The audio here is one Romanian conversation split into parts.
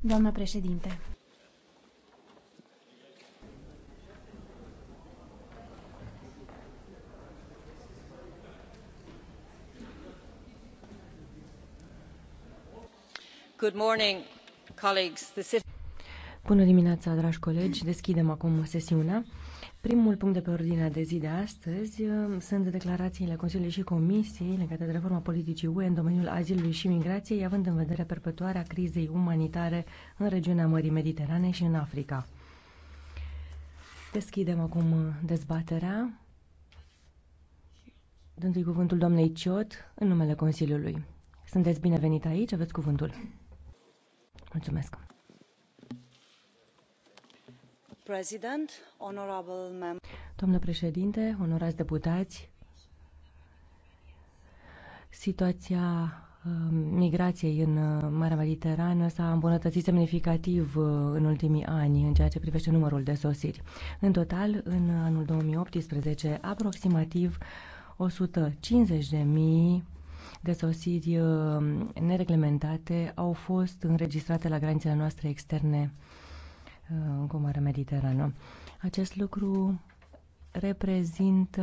doamnă președinte Bună dimineața, dragi colegi. Deschidem acum sesiunea. Primul punct de pe ordinea de zi de astăzi uh, sunt declarațiile Consiliului și Comisiei legate de reforma politicii UE în domeniul azilului și migrației, având în vedere perpetuarea crizei umanitare în regiunea Mării Mediterane și în Africa. Deschidem acum uh, dezbaterea. Dându-i cuvântul doamnei Ciot în numele Consiliului. Sunteți binevenit aici, aveți cuvântul. Mulțumesc. Doamnă președinte, onorați deputați, situația uh, migrației în uh, Marea Mediterană s-a îmbunătățit semnificativ uh, în ultimii ani în ceea ce privește numărul de sosiri. În total, în anul 2018, aproximativ 150.000 de sosiri nereglementate au fost înregistrate la granițele noastre externe cu Marea Mediterană. Acest lucru reprezintă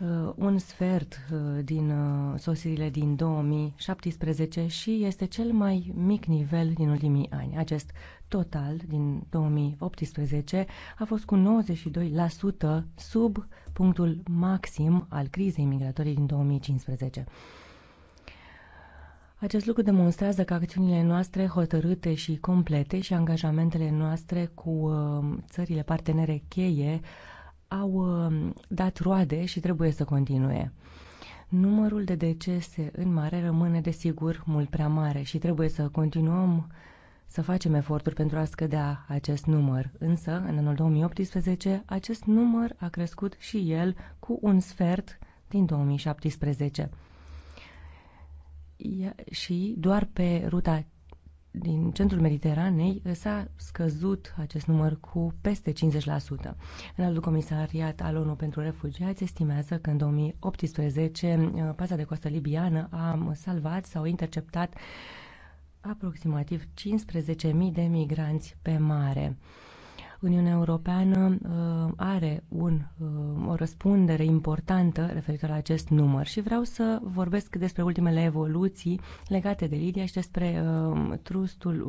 uh, un sfert uh, din uh, sosirile din 2017 și este cel mai mic nivel din ultimii ani. Acest total din 2018 a fost cu 92% sub punctul maxim al crizei migratorii din 2015. Acest lucru demonstrează că acțiunile noastre hotărâte și complete și angajamentele noastre cu uh, țările partenere cheie au uh, dat roade și trebuie să continue. Numărul de decese în mare rămâne, desigur, mult prea mare și trebuie să continuăm să facem eforturi pentru a scădea acest număr. Însă, în anul 2018, acest număr a crescut și el cu un sfert din 2017 și doar pe ruta din centrul Mediteranei s-a scăzut acest număr cu peste 50%. În altul comisariat al ONU pentru refugiați estimează că în 2018 uh, pasa de coastă libiană a salvat sau interceptat aproximativ 15.000 de migranți pe mare. Uniunea Europeană uh, are un, uh, o răspundere importantă referitor la acest număr și vreau să vorbesc despre ultimele evoluții legate de Lidia și despre uh, trustul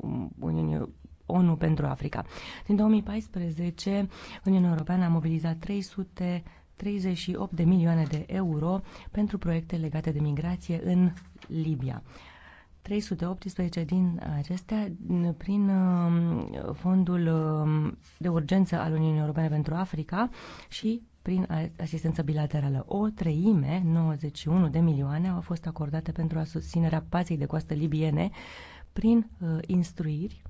um, Uniunii ONU pentru Africa. Din 2014, Uniunea Europeană a mobilizat 300 38 de milioane de euro pentru proiecte legate de migrație în Libia. 318 din acestea prin uh, fondul uh, de urgență al Uniunii Europene pentru Africa și prin asistență bilaterală. O treime, 91 de milioane, au fost acordate pentru a susținerea pației de coastă libiene prin uh, instruiri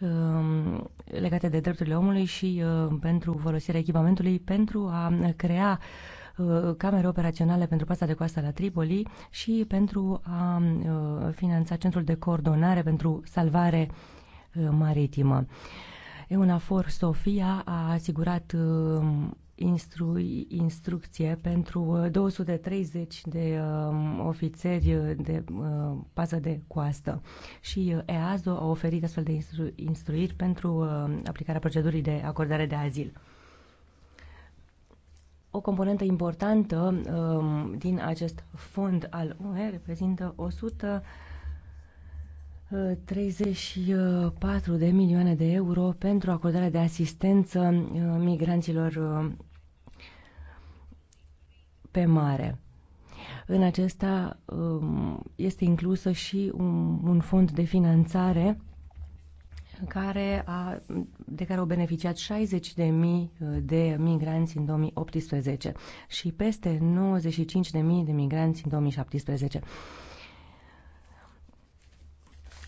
um, legate de drepturile omului și uh, pentru folosirea echipamentului pentru a crea Uh, camere operaționale pentru pasta de coastă la Tripoli și pentru a uh, finanța centrul de coordonare pentru salvare uh, maritimă. EUNAFOR Sofia a asigurat instru- instrucție pentru 230 de uh, ofițeri de uh, pază de coastă și EASO a oferit astfel de instru- instruiri pentru uh, aplicarea procedurii de acordare de azil. O componentă importantă um, din acest fond al UE reprezintă 134 de milioane de euro pentru acordarea de asistență uh, migranților uh, pe mare. În acesta um, este inclusă și un, un fond de finanțare care a, de care au beneficiat 60.000 de uh, de migranți în 2018 și peste 95.000 de de migranți în 2017.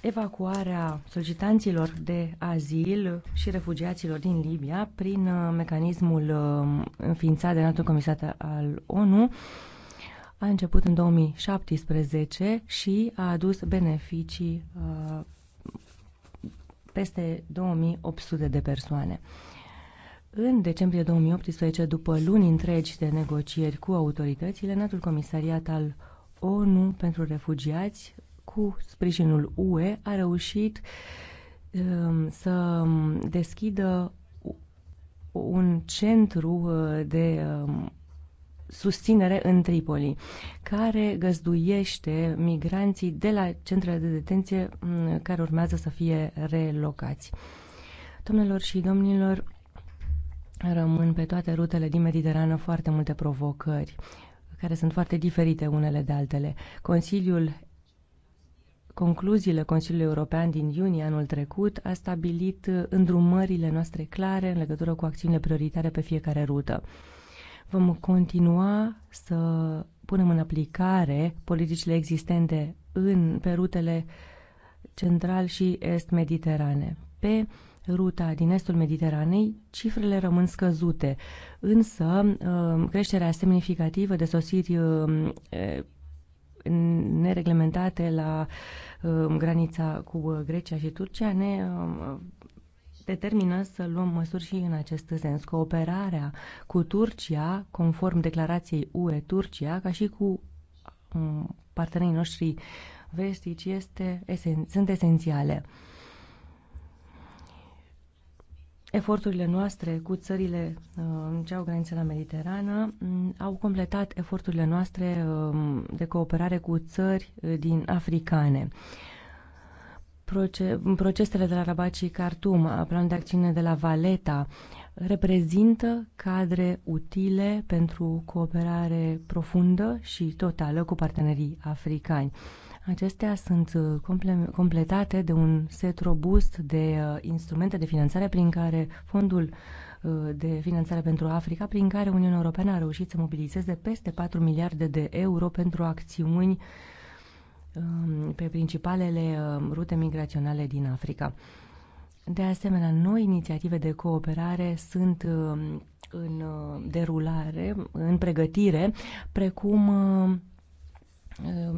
Evacuarea solicitanților de azil și refugiaților din Libia prin uh, mecanismul uh, înființat de NATO Comisar al ONU a început în 2017 și a adus beneficii peste 2800 de persoane. În decembrie 2018, după luni întregi de negocieri cu autoritățile, înaltul comisariat al ONU pentru refugiați, cu sprijinul UE, a reușit um, să deschidă un centru uh, de um, susținere în Tripoli, care găzduiește migranții de la centrele de detenție mm, care urmează să fie relocați. Domnilor și domnilor, rămân pe toate rutele din Mediterană foarte multe provocări, care sunt foarte diferite unele de altele. Consiliul Concluziile Consiliului European din iunie anul trecut a stabilit uh, îndrumările noastre clare în legătură cu acțiunile prioritare pe fiecare rută. Vom continua să punem în aplicare politicile existente în, pe rutele central și est-mediterane. Pe ruta din estul Mediteranei, cifrele rămân scăzute, însă uh, creșterea semnificativă de sosiri uh, nereglementate la uh, granița cu Grecia și Turcia ne determină să luăm măsuri și în acest sens. Cooperarea cu Turcia, conform declarației UE-Turcia, ca și cu um, partenerii noștri vestici, este esen- sunt esențiale. Eforturile noastre cu țările uh, ce au graniță la Mediterană mm, au completat eforturile noastre um, de cooperare cu țări uh, din africane procesele de la Rabat și Khartoum, planul de acțiune de la Valeta, reprezintă cadre utile pentru cooperare profundă și totală cu partenerii africani. Acestea sunt uh, completate de un set robust de uh, instrumente de finanțare prin care fondul uh, de finanțare pentru Africa, prin care Uniunea Europeană a reușit să mobilizeze peste 4 miliarde de euro pentru acțiuni uh, Um, pe principalele um, rute migraționale din Africa. De asemenea, noi inițiative de cooperare sunt um, în uh, derulare, în pregătire, precum uh,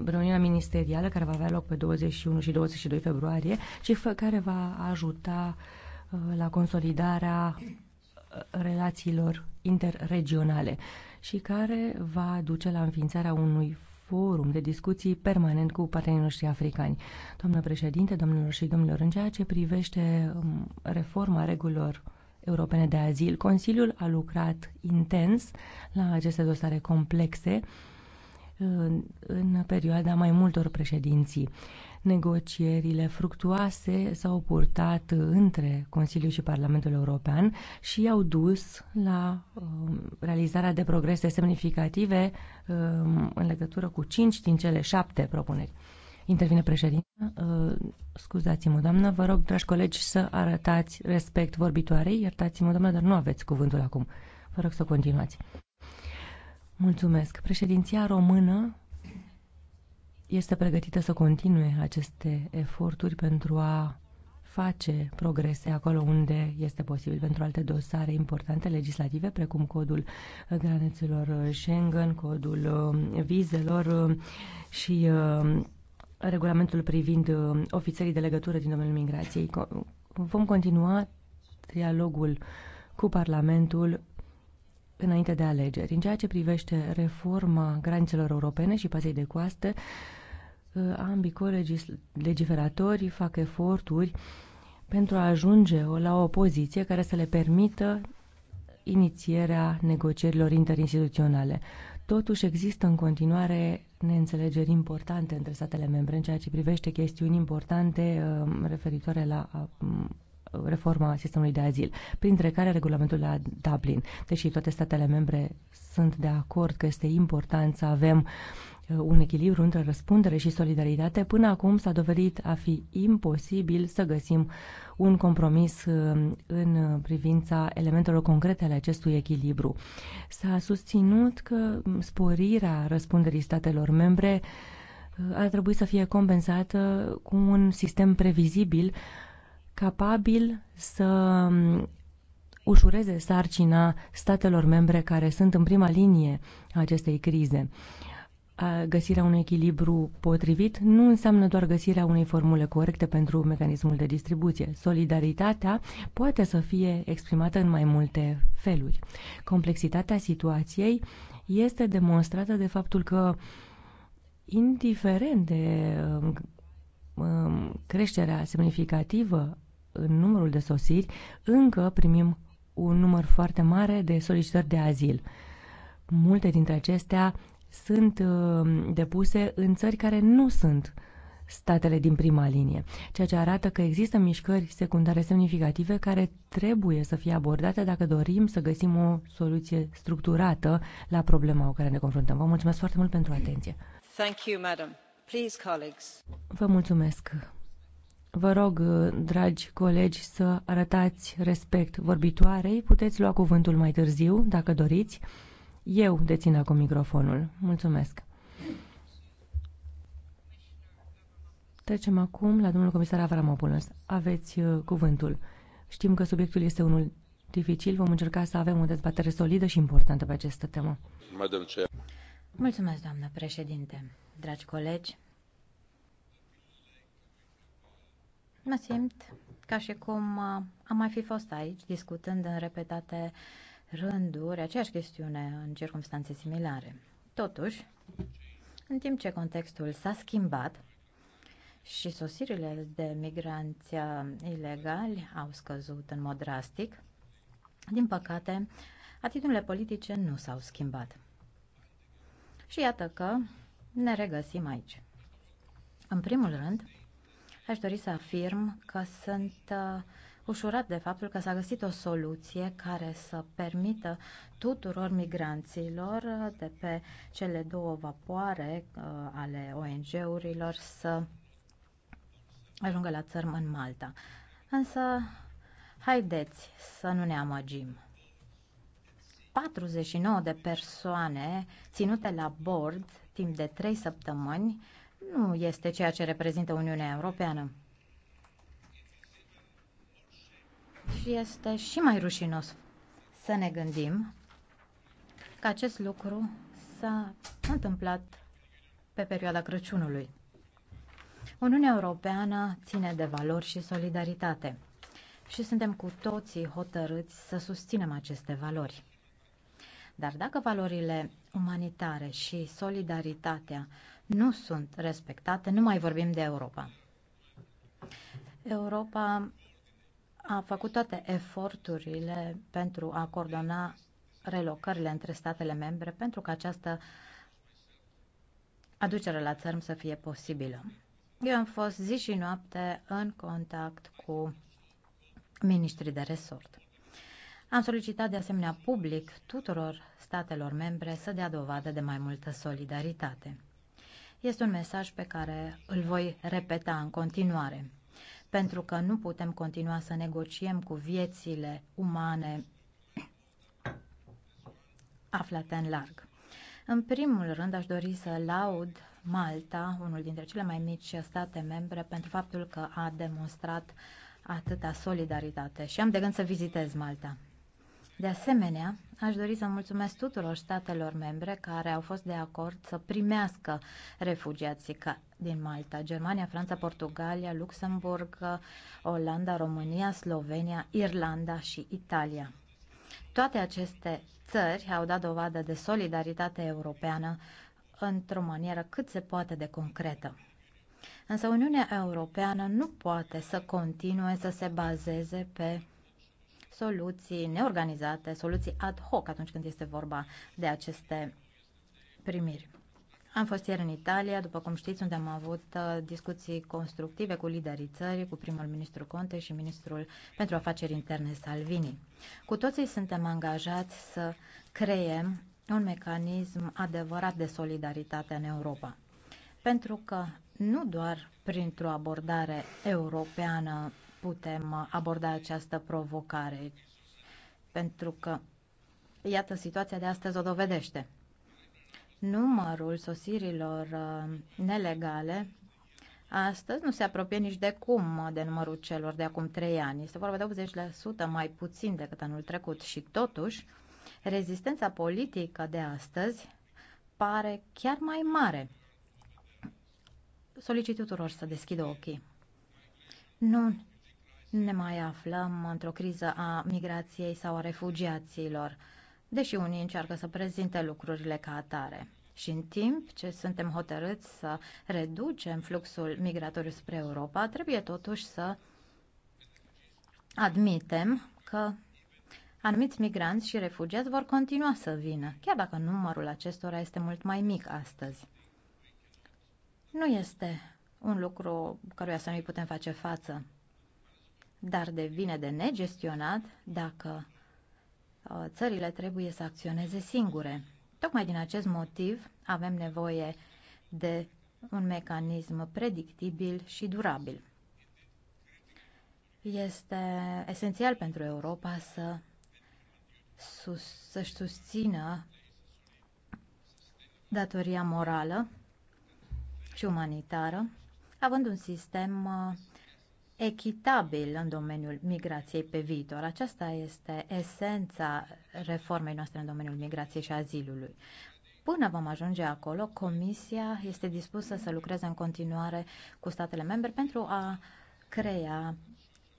reuniunea ministerială care va avea loc pe 21 și 22 februarie și care va ajuta uh, la consolidarea relațiilor interregionale și care va duce la înființarea unui forum de discuții permanent cu partenerii noștri africani. Doamnă președinte, domnilor și domnilor, în ceea ce privește um, reforma regulilor europene de azil, Consiliul a lucrat intens la aceste dosare complexe uh, în perioada mai multor președinții. Negocierile fructuoase s-au purtat între Consiliu și Parlamentul European și au dus la um, realizarea de progrese semnificative um, în legătură cu cinci din cele șapte propuneri. Intervine președinte. Uh, scuzați-mă, doamnă, vă rog, dragi colegi, să arătați respect vorbitoarei. Iertați-mă, doamnă, dar nu aveți cuvântul acum. Vă rog să continuați. Mulțumesc. Președinția română este pregătită să continue aceste eforturi pentru a face progrese acolo unde este posibil pentru alte dosare importante legislative, precum codul granițelor Schengen, codul um, vizelor um, și um, regulamentul privind ofițerii de legătură din domeniul migrației. Vom continua trialogul cu Parlamentul înainte de alegeri. În ceea ce privește reforma granițelor europene și pazei de coastă, ambii colegiferatori fac eforturi pentru a ajunge la o poziție care să le permită inițierea negocierilor interinstituționale. Totuși există în continuare neînțelegeri importante între statele membre în ceea ce privește chestiuni importante um, referitoare la um, reforma sistemului de azil, printre care regulamentul la Dublin. Deși toate statele membre sunt de acord că este important să avem un echilibru între răspundere și solidaritate. Până acum s-a dovedit a fi imposibil să găsim un compromis uh, în privința elementelor concrete ale acestui echilibru. S-a susținut că sporirea răspunderii statelor membre uh, ar trebui să fie compensată cu un sistem previzibil capabil să um, ușureze sarcina statelor membre care sunt în prima linie a acestei crize găsirea unui echilibru potrivit nu înseamnă doar găsirea unei formule corecte pentru mecanismul de distribuție. Solidaritatea poate să fie exprimată în mai multe feluri. Complexitatea situației este demonstrată de faptul că, indiferent de um, um, creșterea semnificativă în numărul de sosiri, încă primim un număr foarte mare de solicitări de azil. Multe dintre acestea sunt uh, depuse în țări care nu sunt statele din prima linie, ceea ce arată că există mișcări secundare semnificative care trebuie să fie abordate dacă dorim să găsim o soluție structurată la problema cu care ne confruntăm. Vă mulțumesc foarte mult pentru atenție. Thank you, madam. Please, colleagues. Vă mulțumesc. Vă rog, uh, dragi colegi, să arătați respect vorbitoarei. Puteți lua cuvântul mai târziu, dacă doriți. Eu dețin acum microfonul. Mulțumesc. Trecem acum la domnul comisar Avramopoulos. Aveți uh, cuvântul. Știm că subiectul este unul dificil. Vom încerca să avem o dezbatere solidă și importantă pe această temă. Mulțumesc, doamnă președinte. Dragi colegi, mă simt ca și cum uh, am mai fi fost aici discutând în repetate uh, rânduri aceeași chestiune în circunstanțe similare. Totuși, în timp ce contextul s-a schimbat și sosirile de migranți ilegali au scăzut în mod drastic, din păcate, atitudinile politice nu s-au schimbat. Și iată că ne regăsim aici. În primul rând, aș dori să afirm că sunt uh, ușurat de faptul că s-a găsit o soluție care să permită tuturor migranților de pe cele două vapoare uh, ale ONG-urilor să ajungă la țărm în Malta. Însă, haideți să nu ne amăgim. 49 de persoane ținute la bord timp de 3 săptămâni nu este ceea ce reprezintă Uniunea Europeană. Și este și mai rușinos să ne gândim că acest lucru s-a întâmplat pe perioada Crăciunului. Uniunea Europeană ține de valori și solidaritate și suntem cu toții hotărâți să susținem aceste valori. Dar dacă valorile umanitare și solidaritatea nu sunt respectate, nu mai vorbim de Europa. Europa a făcut toate eforturile pentru a coordona relocările între statele membre pentru ca această aducere la țărm să fie posibilă. Eu am fost zi și noapte în contact cu ministrii de resort. Am solicitat de asemenea public tuturor statelor membre să dea dovadă de mai multă solidaritate. Este un mesaj pe care îl voi repeta în continuare pentru că nu putem continua să negociem cu viețile umane aflate în larg. În primul rând, aș dori să laud Malta, unul dintre cele mai mici state membre, pentru faptul că a demonstrat atâta solidaritate și am de gând să vizitez Malta. De asemenea, aș dori să mulțumesc tuturor statelor membre care au fost de acord să primească refugiații din Malta, Germania, Franța, Portugalia, Luxemburg, Olanda, România, Slovenia, Irlanda și Italia. Toate aceste țări au dat dovadă de solidaritate europeană într-o manieră cât se poate de concretă. Însă Uniunea Europeană nu poate să continue să se bazeze pe soluții neorganizate, soluții ad hoc atunci când este vorba de aceste primiri. Am fost ieri în Italia, după cum știți, unde am avut uh, discuții constructive cu liderii țării, cu primul ministru Conte și ministrul pentru afaceri interne Salvini. Cu toții suntem angajați să creem un mecanism adevărat de solidaritate în Europa. Pentru că nu doar printr-o abordare europeană putem aborda această provocare, pentru că, iată, situația de astăzi o dovedește. Numărul sosirilor uh, nelegale astăzi nu se apropie nici de cum de numărul celor de acum trei ani. Este vorba de 80% mai puțin decât anul trecut și totuși rezistența politică de astăzi pare chiar mai mare. Solicit tuturor să deschidă ochii. Nu ne mai aflăm într-o criză a migrației sau a refugiaților, deși unii încearcă să prezinte lucrurile ca atare. Și în timp ce suntem hotărâți să reducem fluxul migratoriu spre Europa, trebuie totuși să admitem că anumiți migranți și refugiați vor continua să vină, chiar dacă numărul acestora este mult mai mic astăzi. Nu este un lucru căruia să nu-i putem face față dar devine de negestionat dacă uh, țările trebuie să acționeze singure. Tocmai din acest motiv avem nevoie de un mecanism predictibil și durabil. Este esențial pentru Europa să sus, să-și susțină datoria morală și umanitară, având un sistem uh, echitabil în domeniul migrației pe viitor. Aceasta este esența reformei noastre în domeniul migrației și azilului. Până vom ajunge acolo, Comisia este dispusă să lucreze în continuare cu statele membre pentru a crea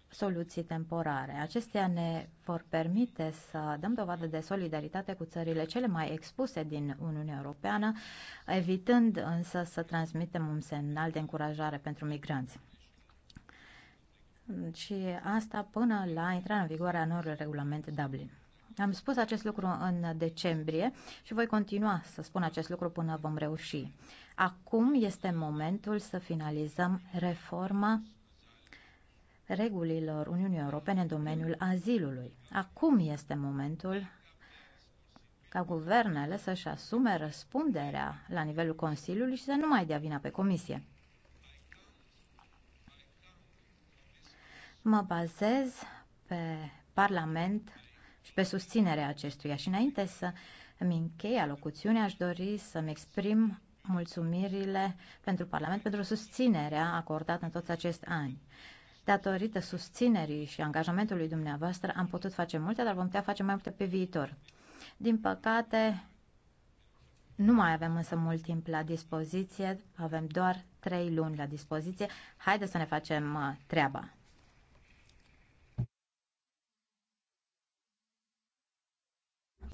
soluții temporare. Acestea ne vor permite să dăm dovadă de solidaritate cu țările cele mai expuse din Uniunea Europeană, evitând însă să transmitem un semnal de încurajare pentru migranți și asta până la intrarea în vigoare a noului regulament Dublin. Am spus acest lucru în decembrie și voi continua să spun acest lucru până vom reuși. Acum este momentul să finalizăm reforma regulilor Uniunii Europene în domeniul azilului. Acum este momentul ca guvernele să-și asume răspunderea la nivelul Consiliului și să nu mai dea vina pe Comisie. Mă bazez pe Parlament și pe susținerea acestuia. Și înainte să îmi închei alocuțiunea, aș dori să-mi exprim mulțumirile pentru Parlament pentru susținerea acordată în toți acești ani. Datorită susținerii și angajamentului dumneavoastră am putut face multe, dar vom putea face mai multe pe viitor. Din păcate, nu mai avem însă mult timp la dispoziție, avem doar trei luni la dispoziție. Haideți să ne facem uh, treaba.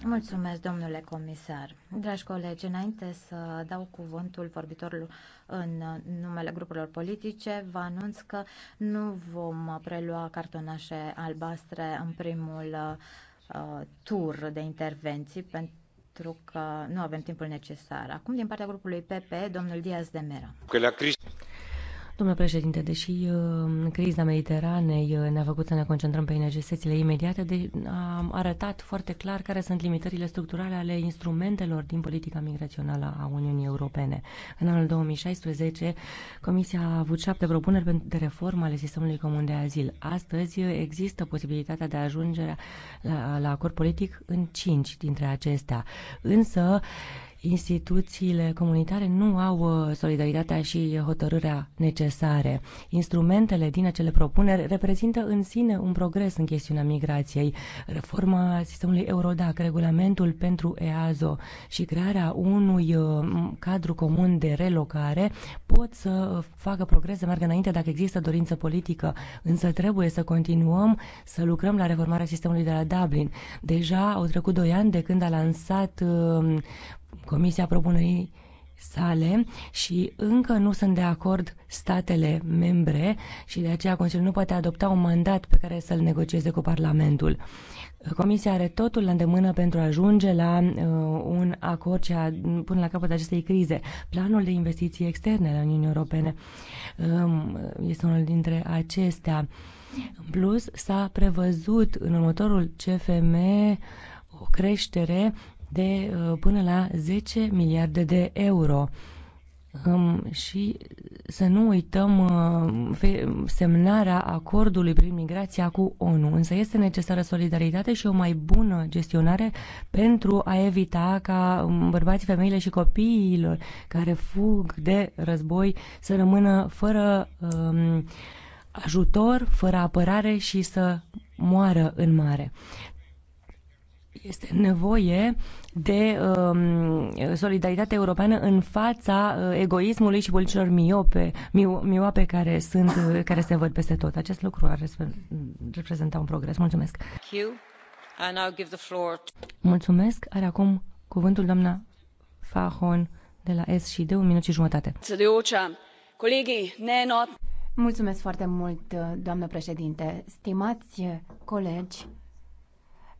Mulțumesc, domnule comisar. Dragi colegi, înainte să dau cuvântul vorbitorului în numele grupurilor politice, vă anunț că nu vom prelua cartonașe albastre în primul uh, tur de intervenții pentru că nu avem timpul necesar. Acum, din partea grupului PP, domnul Diaz de Mera Domnule președinte, deși uh, criza Mediteranei uh, ne-a făcut să ne concentrăm pe inegestățile imediate, de, a arătat foarte clar care sunt limitările structurale ale instrumentelor din politica migrațională a Uniunii Europene. În anul 2016, Comisia a avut șapte propuneri de reformă ale sistemului comun de azil. Astăzi uh, există posibilitatea de ajungere la, la acord politic în cinci dintre acestea. Însă, instituțiile comunitare nu au uh, solidaritatea și hotărârea necesare. Instrumentele din acele propuneri reprezintă în sine un progres în chestiunea migrației. Reforma sistemului Eurodac, regulamentul pentru EASO și crearea unui uh, cadru comun de relocare pot să facă progrese, meargă înainte dacă există dorință politică, însă trebuie să continuăm să lucrăm la reformarea sistemului de la Dublin. Deja au trecut doi ani de când a lansat uh, Comisia propunerii sale și încă nu sunt de acord statele membre și de aceea Consiliul nu poate adopta un mandat pe care să-l negocieze cu Parlamentul. Comisia are totul la îndemână pentru a ajunge la uh, un acord ce a, până la capăt acestei crize. Planul de investiții externe la Uniunii Europene um, este unul dintre acestea. În plus, s-a prevăzut în următorul CFM o creștere de uh, până la 10 miliarde de euro. Și să nu uităm uh, semnarea acordului prin migrația cu ONU. Însă este necesară solidaritate și o mai bună gestionare pentru a evita ca um, bărbații, femeile și copiilor care fug de război să rămână fără um, ajutor, fără apărare și să moară în mare. Este nevoie de um, solidaritate europeană în fața uh, egoismului și politicilor miope, miope care, sunt, uh, care se văd peste tot. Acest lucru ar reprezenta un progres. Mulțumesc! Mulțumesc! Are acum cuvântul doamna Fahon de la S și de un minut și jumătate. Mulțumesc foarte mult, doamnă președinte. Stimați colegi,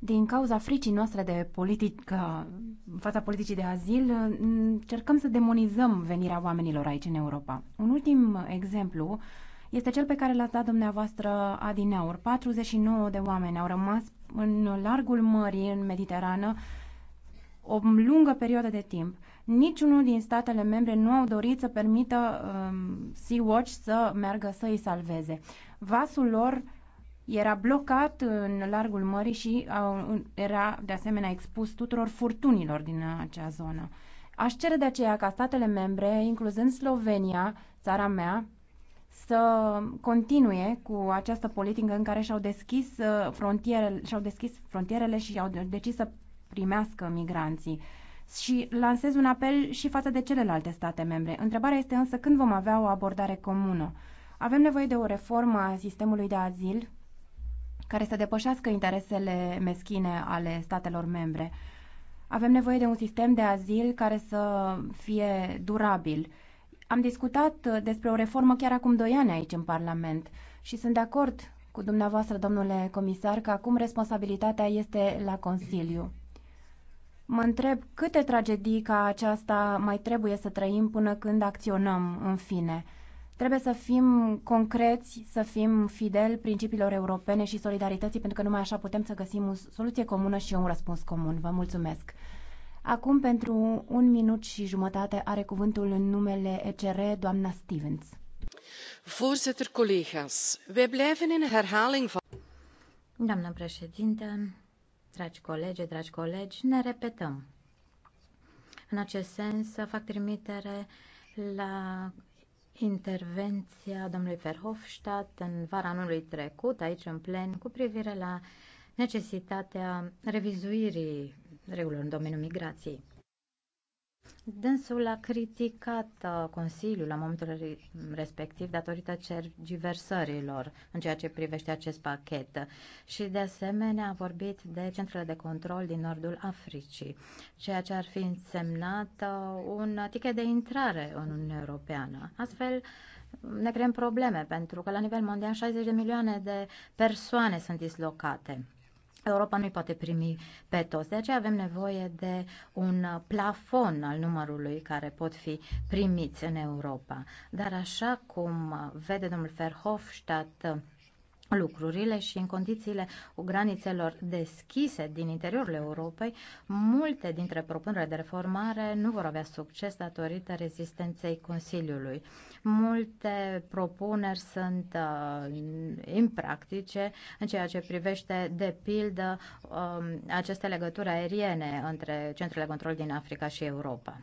din cauza fricii noastre de politică, în fața politicii de azil, încercăm să demonizăm venirea oamenilor aici în Europa. Un ultim exemplu este cel pe care l-ați dat dumneavoastră adineaur. 49 de oameni au rămas în largul mării, în Mediterană, o lungă perioadă de timp. Niciunul din statele membre nu au dorit să permită um, Sea-Watch să meargă să îi salveze. Vasul lor era blocat în largul mării și era de asemenea expus tuturor furtunilor din acea zonă. Aș cere de aceea ca statele membre, incluzând Slovenia, țara mea, să continue cu această politică în care și-au deschis uh, frontierele, și-au deschis frontierele și au decis să primească migranții. Și lansez un apel și față de celelalte state membre. Întrebarea este însă când vom avea o abordare comună. Avem nevoie de o reformă a sistemului de azil care să depășească interesele meschine ale statelor membre. Avem nevoie de un sistem de azil care să fie durabil. Am discutat uh, despre o reformă chiar acum doi ani aici în Parlament și sunt de acord cu dumneavoastră, domnule comisar, că acum responsabilitatea este la Consiliu. Mă întreb câte tragedii ca aceasta mai trebuie să trăim până când acționăm în fine. Trebuie să fim concreți, să fim fideli principiilor europene și solidarității, pentru că numai așa putem să găsim o soluție comună și un răspuns comun. Vă mulțumesc! Acum, pentru un minut și jumătate, are cuvântul în numele ECR, doamna Stevens. Voorzitter, collega's, We blijven in herhaling van... Doamnă președinte, dragi colegi, dragi colegi, ne repetăm. În acest sens, fac trimitere la intervenția domnului Verhofstadt în vara anului trecut, aici în plen, cu privire la necesitatea revizuirii regulilor în domeniul migrației. Dânsul a criticat uh, Consiliul la momentul respectiv datorită cergiversărilor în ceea ce privește acest pachet și de asemenea a vorbit de centrele de control din nordul Africii, ceea ce ar fi însemnat uh, un ticket de intrare în Uniunea Europeană. Astfel, ne creăm probleme pentru că la nivel mondial 60 de milioane de persoane sunt dislocate. Europa nu-i poate primi pe toți. De aceea avem nevoie de un plafon al numărului care pot fi primiți în Europa. Dar așa cum vede domnul Verhofstadt lucrurile și în condițiile granițelor deschise din interiorul Europei, multe dintre propunerile de reformare nu vor avea succes datorită rezistenței Consiliului. Multe propuneri sunt uh, impractice în ceea ce privește, de pildă, uh, aceste legături aeriene între centrele control din Africa și Europa.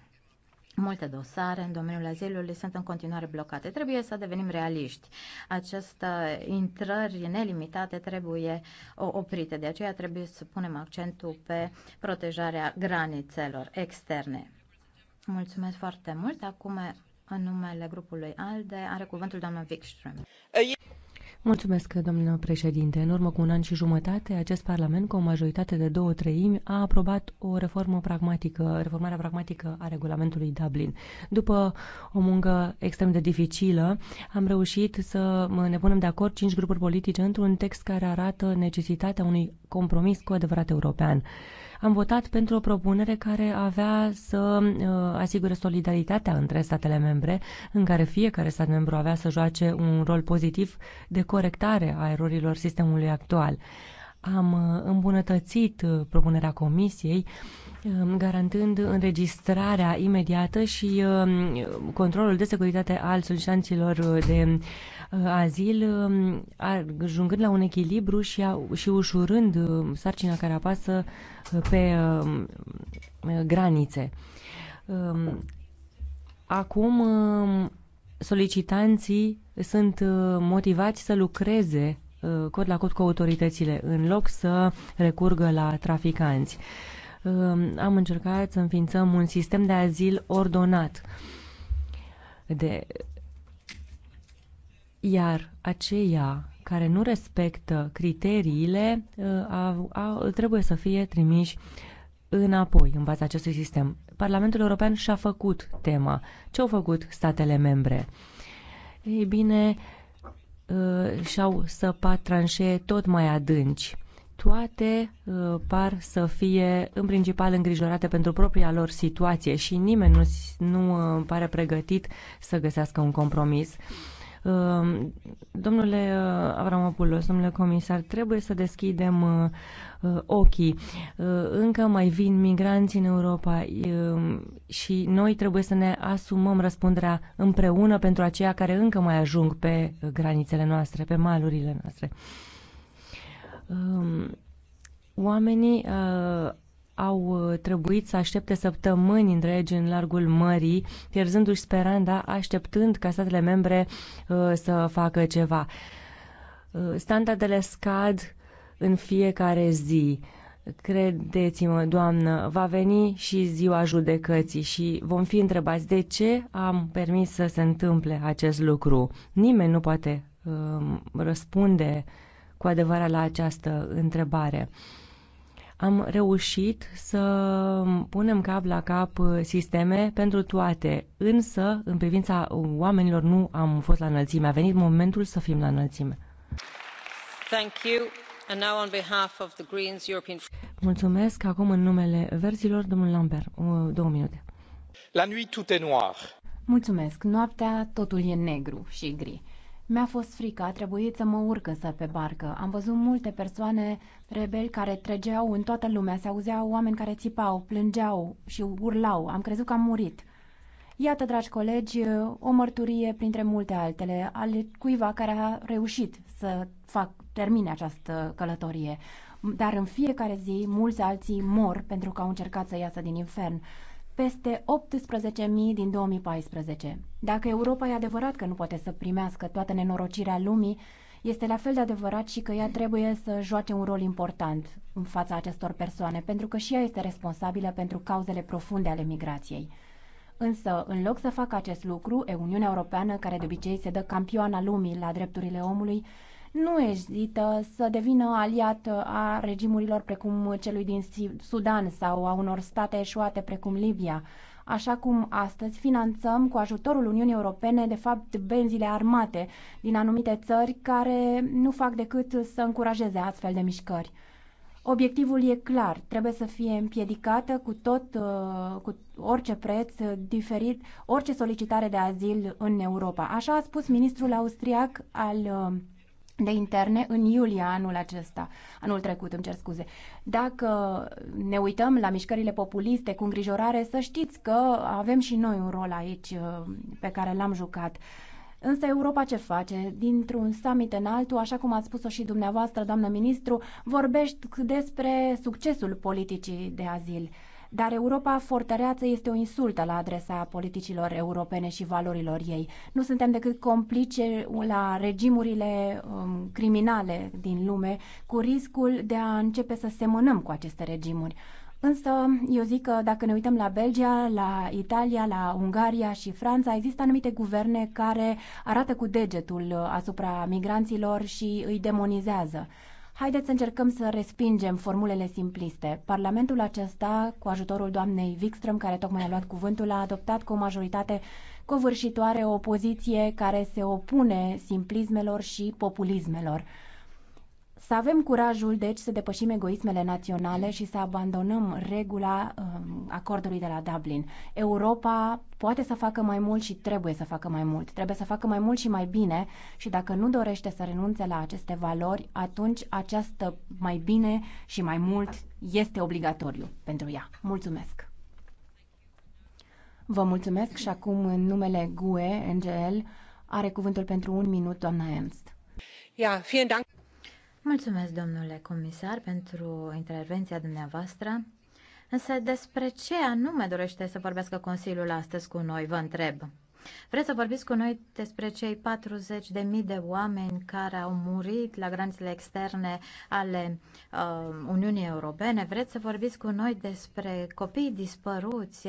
Multe dosare în domeniul azilului sunt în continuare blocate. Trebuie să devenim realiști. Aceste intrări nelimitate trebuie oprite. De aceea trebuie să punem accentul pe protejarea granițelor externe. Mulțumesc foarte mult. Acum, în numele grupului ALDE, are cuvântul doamna Wikström. Mulțumesc, domnule președinte. În urmă cu un an și jumătate, acest Parlament, cu o majoritate de două treimi, a aprobat o reformă pragmatică, reformarea pragmatică a regulamentului Dublin. După o muncă extrem de dificilă, am reușit să ne punem de acord cinci grupuri politice într-un text care arată necesitatea unui compromis cu adevărat european. Am votat pentru o propunere care avea să uh, asigure solidaritatea între statele membre, în care fiecare stat membru avea să joace un rol pozitiv de corectare a erorilor sistemului actual. Am uh, îmbunătățit uh, propunerea Comisiei garantând înregistrarea imediată și um, controlul de securitate al solicitanților de uh, azil, um, ajungând la un echilibru și, a, și ușurând um, sarcina care apasă uh, pe granițe. Acum solicitanții sunt uh, motivați să lucreze cod la cod cu autoritățile, în loc să recurgă la traficanți am încercat să înființăm un sistem de azil ordonat. De... Iar aceia care nu respectă criteriile uh, trebuie să fie trimiși înapoi în baza acestui sistem. Parlamentul European și-a făcut tema. Ce au făcut statele membre? Ei bine, uh, și-au săpat tranșee tot mai adânci toate uh, par să fie în principal îngrijorate pentru propria lor situație și nimeni nu, nu uh, pare pregătit să găsească un compromis. Uh, domnule Avramopoulos, domnule comisar, trebuie să deschidem ochii. Încă mai vin migranți în Europa și noi trebuie să ne asumăm răspunderea împreună pentru aceia care încă mai ajung pe granițele noastre, pe malurile noastre um, oamenii uh, au uh, trebuit să aștepte săptămâni întregi în largul mării, pierzându-și speranța, așteptând ca statele membre uh, să facă ceva. Uh, standardele scad în fiecare zi. Credeți-mă, doamnă, va veni și ziua judecății și vom fi întrebați de ce am permis să se întâmple acest lucru. Nimeni nu poate uh, răspunde uh, cu adevărat la această întrebare. Am reușit să punem cap la cap sisteme pentru toate, însă în privința oamenilor nu am fost la înălțime. A venit momentul să fim la înălțime. Thank you. And now on behalf of the Greens, European... Mulțumesc. Acum în numele verzilor, domnul Lambert, două minute. La nuit, tout est noir. Mulțumesc. Noaptea totul e negru și gri. Mi-a fost frică, a trebuit să mă urcă să pe barcă. Am văzut multe persoane rebeli care tregeau în toată lumea, se auzeau oameni care țipau, plângeau și urlau. Am crezut că am murit. Iată, dragi colegi, o mărturie printre multe altele ale cuiva care a reușit să fac, termine această călătorie. Dar în fiecare zi, mulți alții mor pentru că au încercat să iasă din infern peste 18.000 din 2014. Dacă Europa e adevărat că nu poate să primească toată nenorocirea lumii, este la fel de adevărat și că ea trebuie să joace un rol important în fața acestor persoane, pentru că și ea este responsabilă pentru cauzele profunde ale migrației. Însă, în loc să facă acest lucru, e Uniunea Europeană, care de obicei se dă campioana lumii la drepturile omului, nu ezită să devină aliat a regimurilor precum celui din Sudan sau a unor state eșuate precum Libia. Așa cum astăzi finanțăm cu ajutorul Uniunii Europene, de fapt, benzile armate din anumite țări care nu fac decât să încurajeze astfel de mișcări. Obiectivul e clar, trebuie să fie împiedicată cu tot, uh, cu orice preț diferit, orice solicitare de azil în Europa. Așa a spus ministrul austriac al uh, de interne în iulie anul acesta, anul trecut, îmi cer scuze. Dacă ne uităm la mișcările populiste cu îngrijorare, să știți că avem și noi un rol aici uh, pe care l-am jucat. Însă Europa ce face? Dintr-un summit în altul, așa cum ați spus-o și dumneavoastră, doamnă ministru, vorbești despre succesul politicii de azil. Dar Europa fortăreață este o insultă la adresa politicilor europene și valorilor ei. Nu suntem decât complice la regimurile um, criminale din lume, cu riscul de a începe să semănăm cu aceste regimuri. Însă, eu zic că dacă ne uităm la Belgia, la Italia, la Ungaria și Franța, există anumite guverne care arată cu degetul uh, asupra migranților și îi demonizează. Haideți să încercăm să respingem formulele simpliste. Parlamentul acesta, cu ajutorul doamnei Wikström, care tocmai a luat cuvântul, a adoptat cu o majoritate covârșitoare o poziție care se opune simplismelor și populismelor. Să avem curajul, deci, să depășim egoismele naționale și să abandonăm regula um, acordului de la Dublin. Europa poate să facă mai mult și trebuie să facă mai mult. Trebuie să facă mai mult și mai bine și dacă nu dorește să renunțe la aceste valori, atunci această mai bine și mai mult este obligatoriu pentru ea. Mulțumesc! Vă mulțumesc și acum în numele GUE, NGL, are cuvântul pentru un minut doamna Ernst. Ja, vielen Dank. Mulțumesc, domnule comisar, pentru intervenția dumneavoastră. Însă despre ce anume dorește să vorbească Consiliul astăzi cu noi, vă întreb. Vreți să vorbiți cu noi despre cei 40.000 de de oameni care au murit la granițele externe ale uh, Uniunii Europene? Vreți să vorbiți cu noi despre copii dispăruți,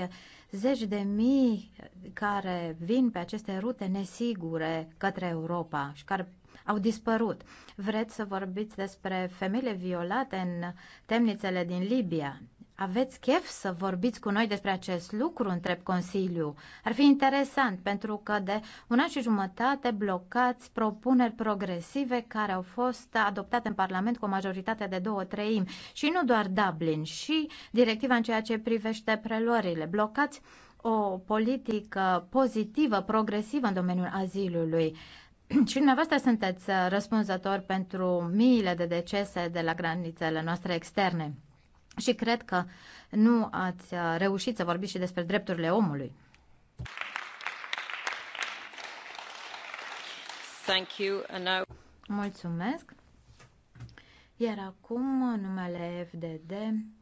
zeci de mii care vin pe aceste rute nesigure către Europa și care au dispărut. Vreți să vorbiți despre femeile violate în temnițele din Libia? Aveți chef să vorbiți cu noi despre acest lucru, întreb Consiliu. Ar fi interesant, pentru că de un an și jumătate blocați propuneri progresive care au fost adoptate în Parlament cu o majoritate de două treimi. Și nu doar Dublin, și directiva în ceea ce privește preluările. Blocați o politică pozitivă, progresivă în domeniul azilului. și dumneavoastră sunteți uh, răspunzători pentru miile de decese de la granițele noastre externe. Și cred că nu ați uh, reușit să vorbiți și despre drepturile omului. Thank you. And now... Mulțumesc. Iar acum, numele FDD,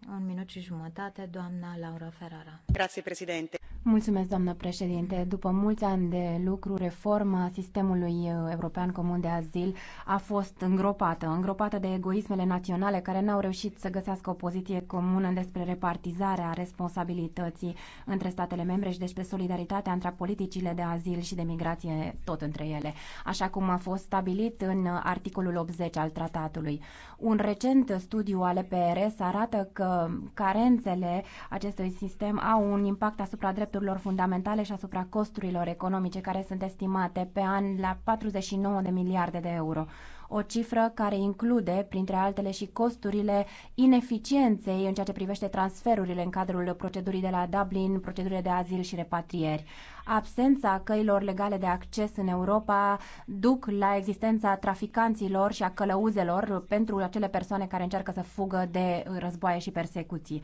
un minut și jumătate, doamna Laura Ferrara. Grazie, președinte. Mulțumesc, doamnă președinte. După mulți ani de lucru, reforma sistemului uh, european comun de azil a fost îngropată, îngropată de egoismele naționale care n-au reușit să găsească o poziție comună despre repartizarea responsabilității între statele membre și despre solidaritatea între politicile de azil și de migrație tot între ele, așa cum a fost stabilit în articolul 80 al tratatului. Un recent studiu al EPRS arată că carențele acestui sistem au un impact asupra drepturilor drepturilor fundamentale și asupra costurilor economice care sunt estimate pe an la 49 de miliarde de euro. O cifră care include, printre altele, și costurile ineficienței în ceea ce privește transferurile în cadrul procedurii de la Dublin, procedurile de azil și repatrieri. Absența căilor legale de acces în Europa duc la existența traficanților și a călăuzelor pentru acele persoane care încearcă să fugă de războaie și persecuții.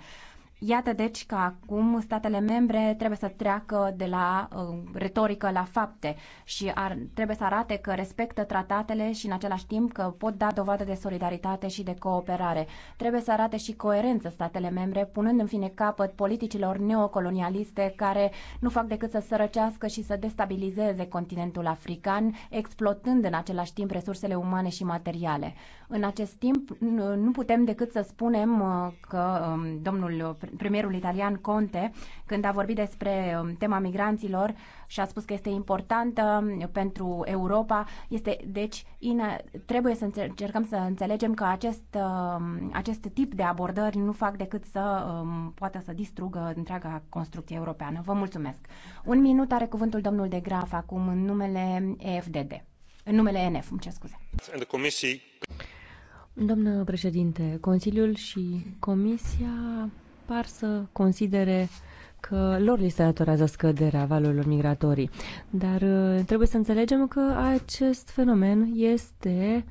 Iată deci că acum statele membre trebuie să treacă de la uh, retorică la fapte și ar, trebuie să arate că respectă tratatele și în același timp că pot da dovadă de solidaritate și de cooperare. Trebuie să arate și coerență statele membre, punând în fine capăt politicilor neocolonialiste care nu fac decât să sărăcească și să destabilizeze continentul african, explotând în același timp resursele umane și materiale. În acest timp nu putem decât să spunem uh, că um, domnul premierul italian Conte când a vorbit despre um, tema migranților și a spus că este importantă um, pentru Europa. Este, deci, in, trebuie să încercăm să înțelegem că acest, um, acest tip de abordări nu fac decât să poată să distrugă întreaga construcție europeană. Vă mulțumesc. Un minut are cuvântul domnul de Graf acum în numele EFDD. În numele ENF, îmi cer scuze. Domnul președinte, Consiliul și Comisia par să considere că lor li se datorează scăderea valurilor migratorii. Dar uh, trebuie să înțelegem că acest fenomen este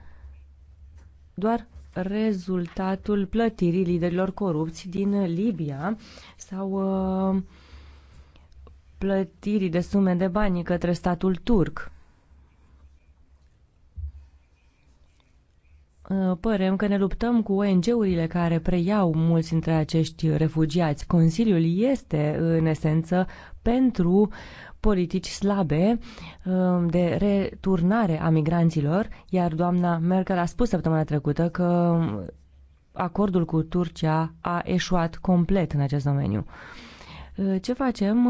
doar rezultatul plătirii liderilor corupți din Libia sau uh, plătirii de sume de bani către statul turc. Uh, părem că ne luptăm cu ONG-urile care preiau mulți dintre acești refugiați. Consiliul este, în esență, pentru politici slabe uh, de returnare a migranților, iar doamna Merkel a spus săptămâna trecută că acordul cu Turcia a eșuat complet în acest domeniu. Uh, ce facem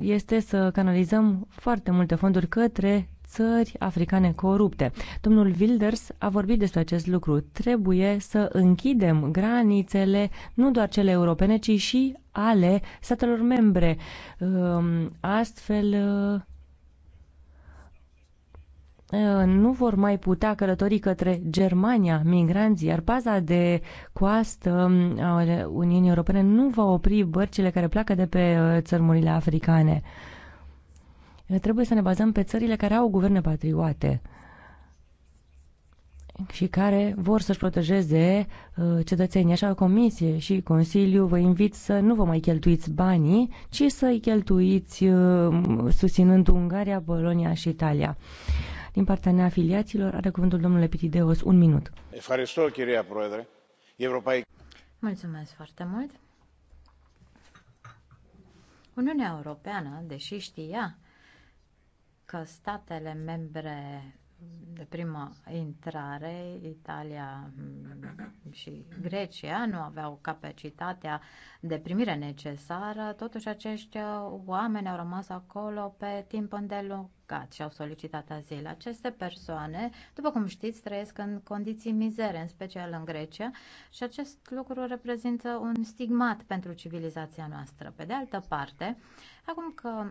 este să canalizăm foarte multe fonduri către țări africane corupte. Domnul Wilders a vorbit despre acest lucru. Trebuie să închidem granițele, nu doar cele europene, ci și ale statelor membre. Ehm, astfel ehm, ehm, nu vor mai putea călători către Germania migranții, iar paza de coastă a Uniunii Europene nu va opri bărcile care pleacă de pe țărmurile africane. Trebuie să ne bazăm pe țările care au guverne patriote și care vor să-și protejeze cetățenii. Așa, Comisie și Consiliu vă invit să nu vă mai cheltuiți banii, ci să-i cheltuiți susținând Ungaria, Polonia și Italia. Din partea neafiliaților are cuvântul domnule Pitideos, un minut. Mulțumesc foarte mult. Uniunea Europeană, deși știa că statele membre de primă intrare, Italia și Grecia, nu aveau capacitatea de primire necesară, totuși acești oameni au rămas acolo pe timp îndelungat și au solicitat azil. Aceste persoane, după cum știți, trăiesc în condiții mizere, în special în Grecia, și acest lucru reprezintă un stigmat pentru civilizația noastră. Pe de altă parte, acum că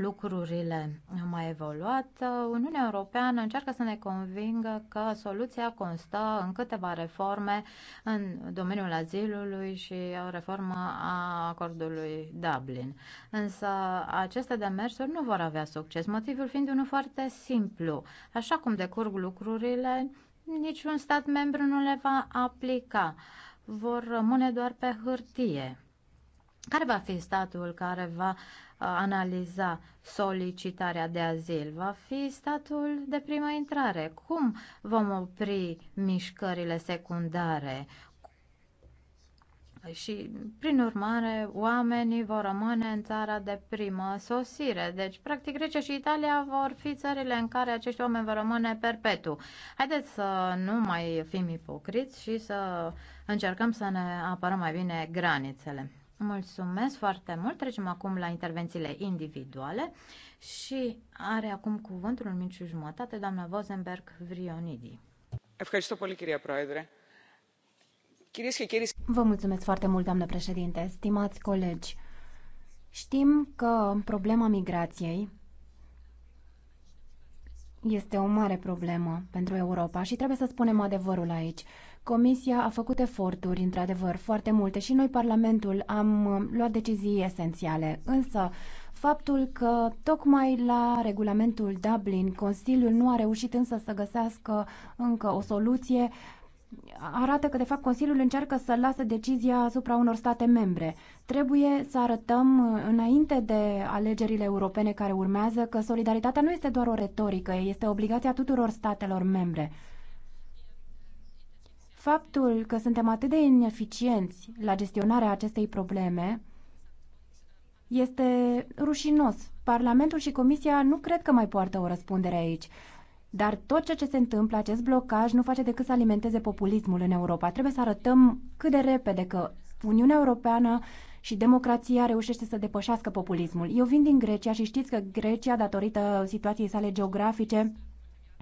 lucrurile au mai evoluat, Uniunea Europeană încearcă să ne convingă că soluția constă în câteva reforme în domeniul azilului și o reformă a acordului Dublin. Însă aceste demersuri nu vor avea succes, motivul fiind unul foarte simplu. Așa cum decurg lucrurile, niciun stat membru nu le va aplica. Vor rămâne doar pe hârtie. Care va fi statul care va analiza solicitarea de azil va fi statul de primă intrare. Cum vom opri mișcările secundare? și, prin urmare, oamenii vor rămâne în țara de primă sosire. Deci, practic, Grecia și Italia vor fi țările în care acești oameni vor rămâne perpetu. Haideți să nu mai fim ipocriți și să încercăm să ne apărăm mai bine granițele. Mulțumesc foarte mult. Trecem acum la intervențiile individuale și are acum cuvântul în minciu jumătate doamna Vozenberg Vrionidi. Vă mulțumesc foarte mult, doamnă președinte. Stimați colegi, știm că problema migrației este o mare problemă pentru Europa și trebuie să spunem adevărul aici. Comisia a făcut eforturi, într-adevăr, foarte multe și noi, Parlamentul, am uh, luat decizii esențiale. Însă, faptul că tocmai la regulamentul Dublin Consiliul nu a reușit însă să găsească încă o soluție arată că, de fapt, Consiliul încearcă să lasă decizia asupra unor state membre. Trebuie să arătăm, uh, înainte de alegerile europene care urmează, că solidaritatea nu este doar o retorică, este obligația tuturor statelor membre. Faptul că suntem atât de ineficienți la gestionarea acestei probleme este rușinos. Parlamentul și Comisia nu cred că mai poartă o răspundere aici. Dar tot ceea ce se întâmplă, acest blocaj, nu face decât să alimenteze populismul în Europa. Trebuie să arătăm cât de repede că Uniunea Europeană și democrația reușește să depășească populismul. Eu vin din Grecia și știți că Grecia, datorită situației sale geografice,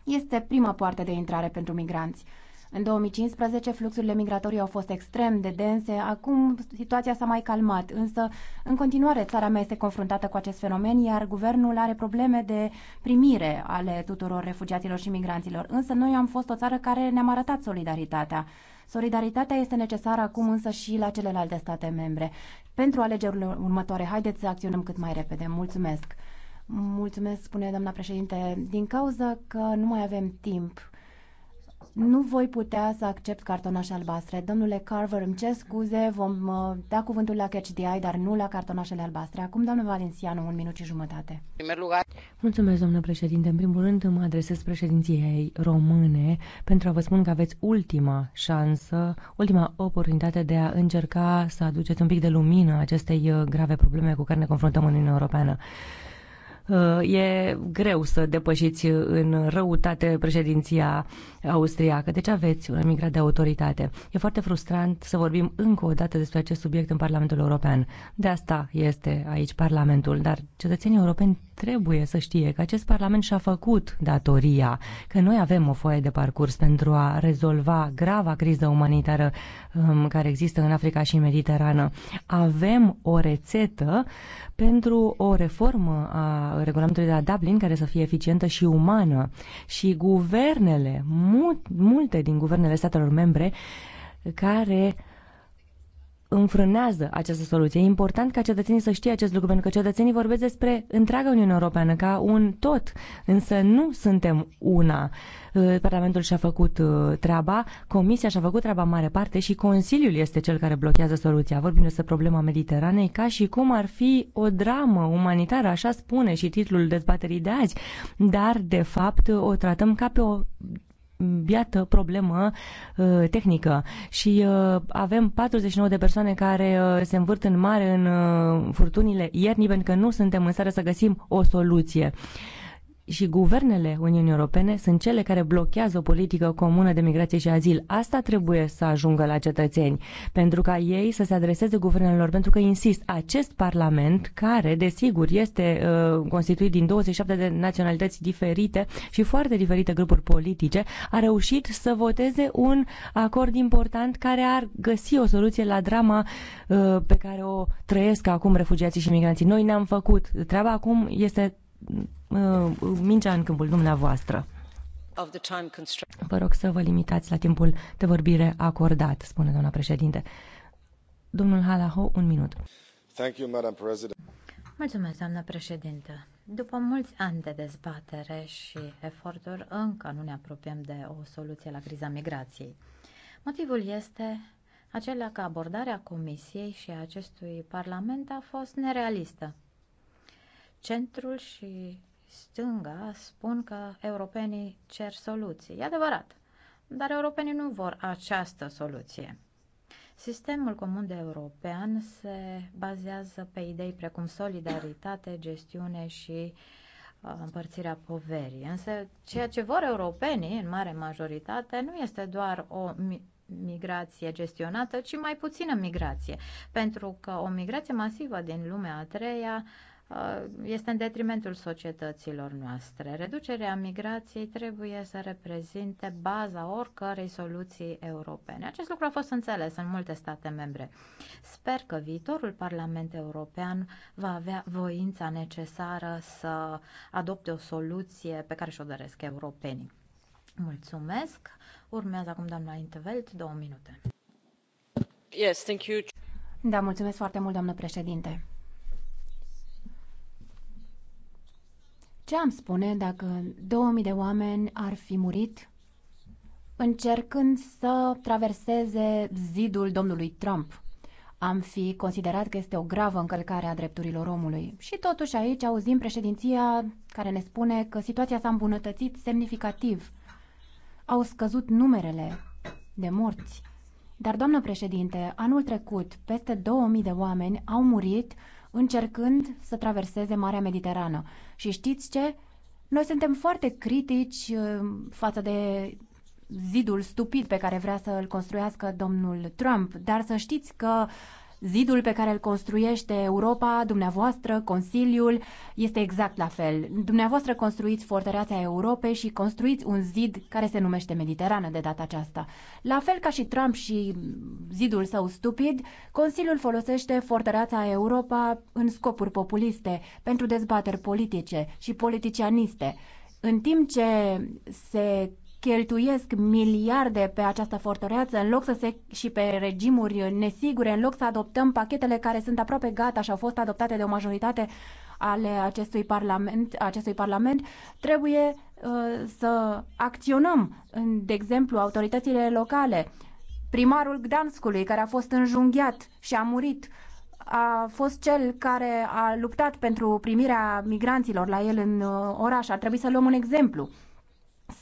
este prima poartă de intrare pentru migranți. În 2015 fluxurile migratorii au fost extrem de dense, acum situația s-a mai calmat, însă în continuare țara mea este confruntată cu acest fenomen, iar guvernul are probleme de primire ale tuturor refugiaților și migranților. Însă noi am fost o țară care ne-am arătat solidaritatea. Solidaritatea este necesară acum însă și la celelalte state membre. Pentru alegerile următoare, haideți să acționăm cât mai repede. Mulțumesc! Mulțumesc, spune doamna președinte, din cauza că nu mai avem timp nu voi putea să accept cartonașe albastre. Domnule Carver, îmi cer scuze, vom uh, da cuvântul la Catch the Eye, dar nu la cartonașele albastre. Acum, domnul Valenciano, un minut și jumătate. Mulțumesc, domnule președinte. În primul rând, mă adresez președinției române pentru a vă spun că aveți ultima șansă, ultima oportunitate de a încerca să aduceți un pic de lumină acestei uh, grave probleme cu care ne confruntăm în Uniunea Europeană. Uh, e greu să depășiți în răutate președinția austriacă. Deci aveți un anumit grad de autoritate. E foarte frustrant să vorbim încă o dată despre acest subiect în Parlamentul European. De asta este aici Parlamentul, dar cetățenii europeni trebuie să știe că acest Parlament și-a făcut datoria, că noi avem o foaie de parcurs pentru a rezolva grava criză umanitară um, care există în Africa și în Mediterană. Avem o rețetă pentru o reformă a regulamentului de la Dublin care să fie eficientă și umană. Și guvernele, mult, multe din guvernele statelor membre care înfrânează această soluție. E important ca cetățenii să știe acest lucru, pentru că cetățenii vorbesc despre întreaga Uniune Europeană ca un tot, însă nu suntem una. Uh, Parlamentul și-a făcut uh, treaba, Comisia și-a făcut treaba în mare parte și Consiliul este cel care blochează soluția. Vorbim despre problema Mediteranei ca și cum ar fi o dramă umanitară, așa spune și titlul dezbaterii de azi, dar de fapt o tratăm ca pe o iată problemă uh, tehnică și uh, avem 49 de persoane care uh, se învârt în mare în uh, furtunile iernii pentru că nu suntem în stare să găsim o soluție. Uh, și guvernele Uniunii Europene sunt cele care blochează o politică comună de migrație și azil. Asta trebuie să ajungă la cetățeni, pentru ca ei să se adreseze guvernelor, pentru că, insist, acest Parlament, care, desigur, este uh, constituit din 27 de naționalități diferite și foarte diferite grupuri politice, a reușit să voteze un acord important care ar găsi o soluție la drama uh, pe care o trăiesc acum refugiații și migranții. Noi ne-am făcut. Treaba acum este Uh, mingea în câmpul dumneavoastră. Vă rog să vă limitați la timpul de vorbire acordat, spune doamna președinte. Domnul Halaho, un minut. Thank you, Madam President. Mulțumesc, doamna președintă. După mulți ani de dezbatere și eforturi, încă nu ne apropiem de o soluție la criza migrației. Motivul este acela că abordarea Comisiei și a acestui Parlament a fost nerealistă. Centrul și stânga spun că europenii cer soluții. E adevărat, dar europenii nu vor această soluție. Sistemul comun de european se bazează pe idei precum solidaritate, gestiune și uh, împărțirea poverii. Însă ceea ce vor europenii, în mare majoritate, nu este doar o migrație gestionată, ci mai puțină migrație. Pentru că o migrație masivă din lumea a treia Uh, este în detrimentul societăților noastre. Reducerea migrației trebuie să reprezinte baza oricărei soluții europene. Acest lucru a fost înțeles în multe state membre. Sper că viitorul Parlament European va avea voința necesară să adopte o soluție pe care și-o doresc europenii. Mulțumesc. Urmează acum doamna Intevelt, două minute. Yes, thank you. Da, mulțumesc foarte mult, doamnă președinte. Ce am spune dacă 2000 de oameni ar fi murit încercând să traverseze zidul domnului Trump? Am fi considerat că este o gravă încălcare a drepturilor omului. Și totuși aici auzim președinția care ne spune că situația s-a îmbunătățit semnificativ. Au scăzut numerele de morți. Dar, doamnă președinte, anul trecut peste 2000 de oameni au murit încercând să traverseze Marea Mediterană. Și știți ce? Noi suntem foarte critici uh, față de zidul stupid pe care vrea să l construiască domnul Trump, dar să știți că Zidul pe care îl construiește Europa, dumneavoastră, Consiliul, este exact la fel. Dumneavoastră construiți fortăreața Europei și construiți un zid care se numește Mediterană de data aceasta. La fel ca și Trump și zidul său stupid, Consiliul folosește fortăreața Europa în scopuri populiste, pentru dezbateri politice și politicianiste. În timp ce se cheltuiesc miliarde pe această fortăreață în loc să se și pe regimuri nesigure, în loc să adoptăm pachetele care sunt aproape gata și au fost adoptate de o majoritate ale acestui parlament, acestui parlament trebuie uh, să acționăm, de exemplu, autoritățile locale. Primarul Gdanskului, care a fost înjunghiat și a murit, a fost cel care a luptat pentru primirea migranților la el în uh, oraș. Ar trebui să luăm un exemplu.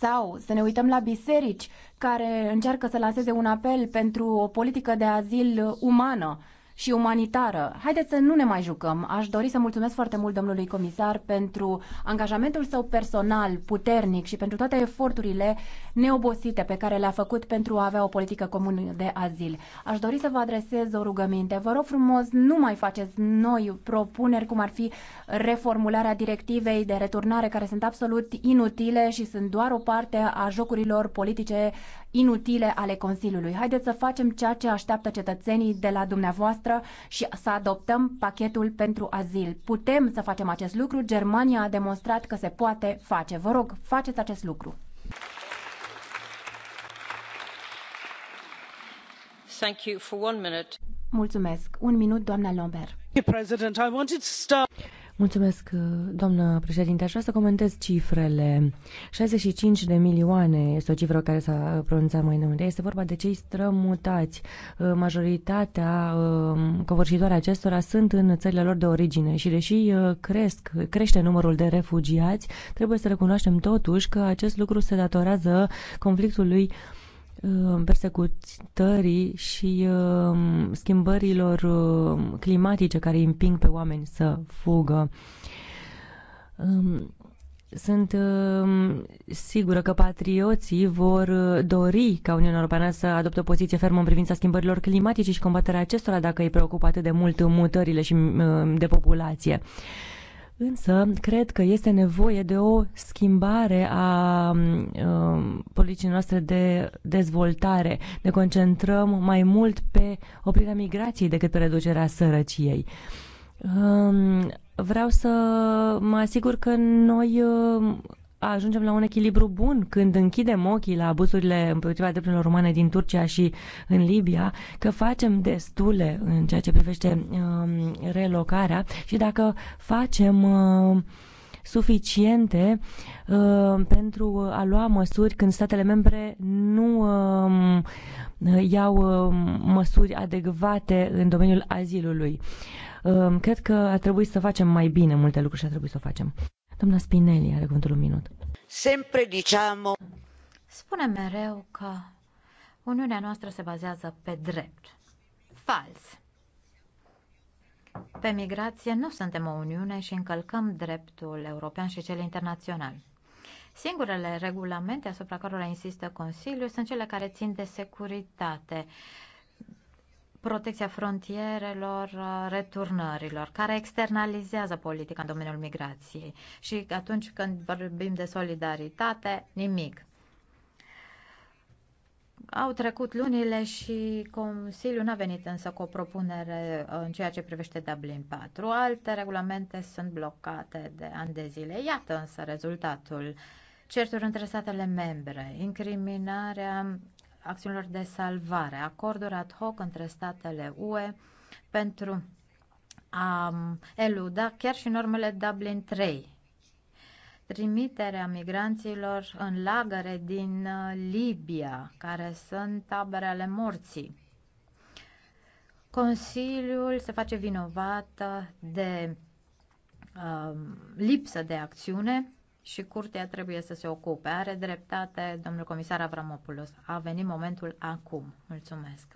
Sau să ne uităm la biserici care încearcă să lanseze un apel pentru o politică de azil umană și umanitară. Haideți să nu ne mai jucăm. Aș dori să mulțumesc foarte mult domnului comisar pentru angajamentul său personal, puternic și pentru toate eforturile neobosite pe care le-a făcut pentru a avea o politică comună de azil. Aș dori să vă adresez o rugăminte. Vă rog frumos, nu mai faceți noi propuneri cum ar fi reformularea directivei de returnare care sunt absolut inutile și sunt doar o parte a jocurilor politice inutile ale Consiliului. Haideți să facem ceea ce așteaptă cetățenii de la dumneavoastră și să adoptăm pachetul pentru azil. Putem să facem acest lucru. Germania a demonstrat că se poate face. Vă rog, faceți acest lucru. Thank you for one minute. Mulțumesc. Un minut, doamna Lambert. Mulțumesc, uh, doamnă președinte. Aș vrea să comentez cifrele. 65 de milioane este o cifră care s-a uh, pronunțat mai înainte. Este vorba de cei strămutați. Uh, majoritatea covârșitoare acestora sunt în țările lor de origine și deși cresc, crește numărul de refugiați, trebuie să recunoaștem totuși că acest lucru se datorează conflictului uh, Uh, persecutării și uh, schimbărilor uh, climatice care îi împing pe oameni să fugă. Um, sunt um, sigură că patrioții vor dori ca Uniunea Europeană să adopte o poziție fermă în privința schimbărilor climatice și combaterea acestora dacă îi preocupă atât de mult mutările și de populație. Însă, cred că este nevoie de o schimbare a uh, politicii noastre de dezvoltare. Ne concentrăm mai mult pe oprirea migrației decât pe reducerea sărăciei. Um, vreau să mă asigur că noi ajungem la un echilibru bun când închidem ochii la abuzurile împotriva drepturilor umane din Turcia și în Libia, că facem destule în ceea ce privește um, relocarea și dacă facem uh, suficiente uh, pentru a lua măsuri când statele membre nu uh, iau uh, măsuri adecvate în domeniul azilului. Uh, cred că ar trebui să facem mai bine multe lucruri și ar trebui să o facem. Doamna Spinelli are cuvântul un minut. Sempre diciamo... Spune mereu că Uniunea noastră se bazează pe drept. Fals. Pe migrație nu suntem o Uniune și încălcăm dreptul european și cel internațional. Singurele regulamente asupra cărora insistă Consiliul sunt cele care țin de securitate. Uh, protecția frontierelor, uh, returnărilor, care externalizează politica în domeniul migrației. Și atunci când vorbim de solidaritate, nimic. Au trecut lunile și Consiliul n-a venit însă cu o propunere uh, în ceea ce privește Dublin 4. Alte regulamente sunt blocate de ani de zile. Iată însă rezultatul certuri între statele membre, incriminarea acțiunilor de salvare, acorduri ad hoc între statele UE pentru a um, eluda chiar și normele Dublin 3, trimiterea migranților în lagăre din uh, Libia, care sunt tabere ale morții. Consiliul se face vinovat uh, de uh, lipsă de acțiune și curtea trebuie să se ocupe. Are dreptate domnul comisar Avramopoulos. A venit momentul acum. Mulțumesc.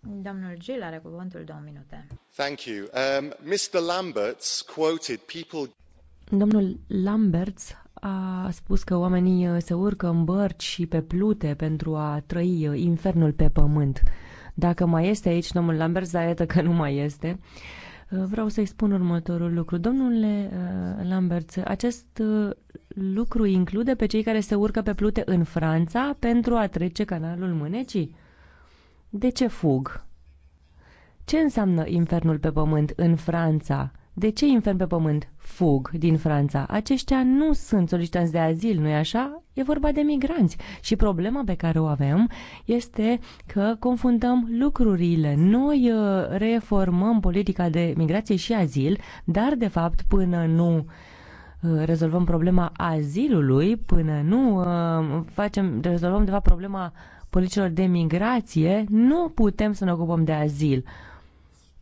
Domnul Gil are cuvântul două minute. Thank you. Um, Mr. Lamberts quoted people... Domnul Lamberts a spus că oamenii uh, se urcă în bărci și pe plute pentru a trăi uh, infernul pe pământ. Dacă mai este aici domnul Lamberts, dar iată că nu mai este. Uh, vreau să-i spun următorul lucru. Domnule uh, Lambert, acest uh, lucru include pe cei care se urcă pe plute în Franța pentru a trece canalul Mânecii? De ce fug? Ce înseamnă infernul pe pământ în Franța? De ce infern pe pământ? Fug din Franța. Aceștia nu sunt solicitanți de azil, nu-i așa? E vorba de migranți. Și problema pe care o avem este că confundăm lucrurile. Noi uh, reformăm politica de migrație și azil, dar, de fapt, până nu uh, rezolvăm problema azilului, până nu uh, facem, rezolvăm, de fapt, problema politicilor de migrație, nu putem să ne ocupăm de azil.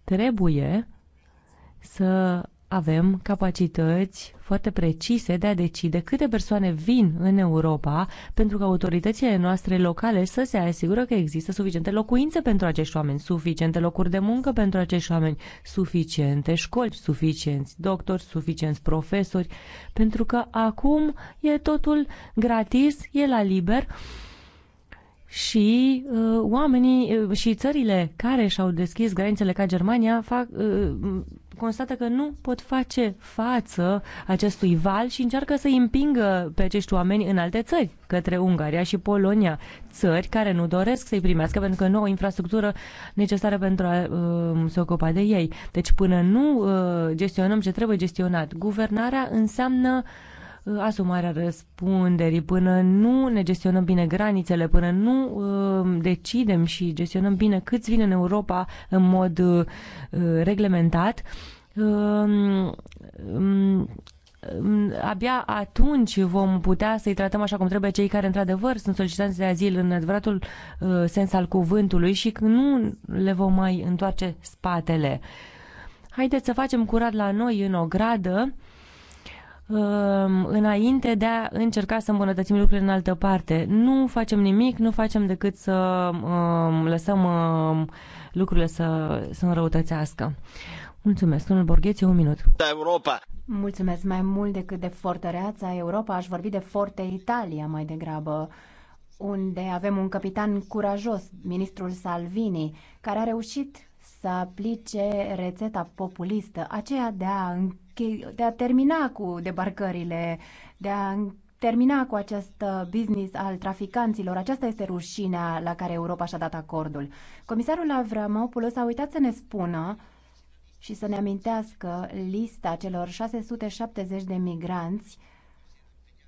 Trebuie să avem capacități foarte precise de a decide câte persoane vin în Europa pentru că autoritățile noastre locale să se asigură că există suficiente locuințe pentru acești oameni, suficiente locuri de muncă pentru acești oameni, suficiente școli, suficienți doctori, suficienți profesori, pentru că acum e totul gratis, e la liber și uh, oamenii uh, și țările care și-au deschis granițele ca Germania fac, uh, constată că nu pot face față acestui val și încearcă să îi împingă pe acești oameni în alte țări, către Ungaria și Polonia, țări care nu doresc să-i primească pentru că nu au infrastructură necesară pentru a uh, se ocupa de ei. Deci până nu uh, gestionăm ce trebuie gestionat, guvernarea înseamnă uh, asumarea răspunderii, până nu ne gestionăm bine granițele, până nu uh, decidem și gestionăm bine câți vin în Europa în mod uh, reglementat, um, um, abia atunci vom putea să-i tratăm așa cum trebuie cei care într-adevăr sunt solicitanți de azil în adevăratul uh, sens al cuvântului și că nu le vom mai întoarce spatele. Haideți să facem curat la noi în ogradă Um, înainte de a încerca să îmbunătățim lucrurile în altă parte. Nu facem nimic, nu facem decât să um, lăsăm um, lucrurile să, să înrăutățească. Mulțumesc, domnul Borghețiu, un minut. Da, Europa! Mulțumesc mai mult decât de fortăreața Europa, aș vorbi de Forte Italia mai degrabă unde avem un capitan curajos, ministrul Salvini, care a reușit să aplice rețeta populistă, aceea de a, înche- de a termina cu debarcările, de a termina cu acest business al traficanților. Aceasta este rușinea la care Europa și-a dat acordul. Comisarul Avramopoulos a uitat să ne spună și să ne amintească lista celor 670 de migranți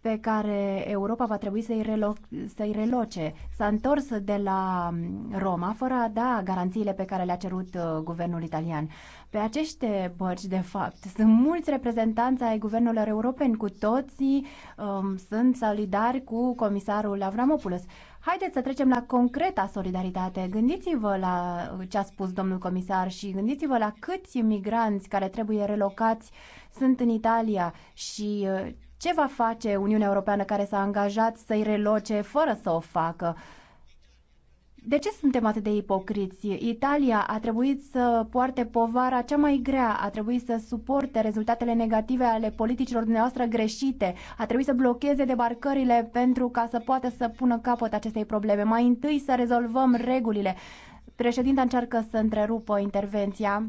pe care Europa va trebui să-i, relo- să reloce. S-a întors de la mm, Roma fără a da garanțiile pe care le-a cerut uh, guvernul italian. Pe aceste bărci, de fapt, sunt mulți reprezentanți ai guvernelor europeni, cu toții um, sunt solidari cu comisarul Avramopoulos. Haideți să trecem la concreta solidaritate. Gândiți-vă la uh, ce a spus domnul comisar și gândiți-vă la câți migranți care trebuie relocați sunt în Italia și uh, ce va face Uniunea Europeană care s-a angajat să-i reloce fără să o facă? De ce suntem atât de ipocriți? Italia a trebuit să poarte povara cea mai grea, a trebuit să suporte rezultatele negative ale politicilor dumneavoastră greșite, a trebuit să blocheze debarcările pentru ca să poată să pună capăt acestei probleme. Mai întâi să rezolvăm regulile. Președinta încearcă să întrerupă intervenția.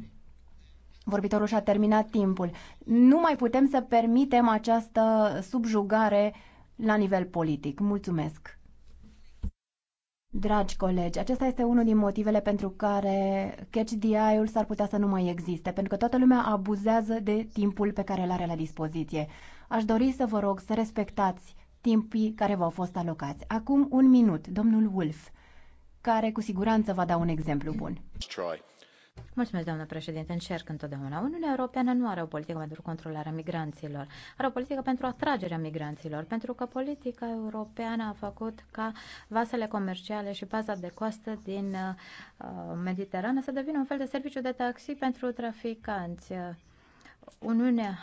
Vorbitorul și-a terminat timpul. Nu mai putem să permitem această subjugare la nivel politic. Mulțumesc! Dragi colegi, acesta este unul din motivele pentru care Catch the ul s-ar putea să nu mai existe, pentru că toată lumea abuzează de timpul pe care îl are la dispoziție. Aș dori să vă rog să respectați timpii care v-au fost alocați. Acum un minut, domnul Wolf, care cu siguranță va da un exemplu bun. Try. Mulțumesc, doamnă președinte. Încerc întotdeauna. Uniunea Europeană nu are o politică pentru controlarea migranților. Are o politică pentru atragerea migranților, pentru că politica europeană a făcut ca vasele comerciale și baza de coastă din uh, Mediterană să devină un fel de serviciu de taxi pentru traficanți. Uniunea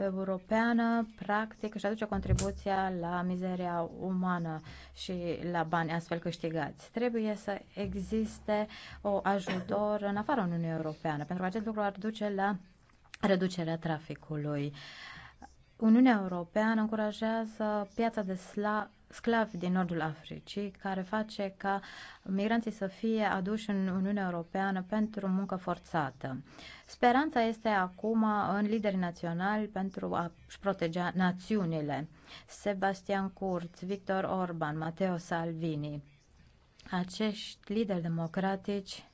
Europeană practic își aduce contribuția la mizeria umană și la bani astfel câștigați. Trebuie să existe o ajutor în afara Uniunii Europeană, pentru că acest lucru ar duce la reducerea traficului. Uniunea Europeană încurajează piața de sla- sclavi din nordul Africii, care face ca migranții să fie aduși în Uniunea Europeană pentru muncă forțată. Speranța este acum în liderii naționali pentru a-și proteja națiunile. Sebastian Kurz, Victor Orban, Matteo Salvini. Acești lideri democratici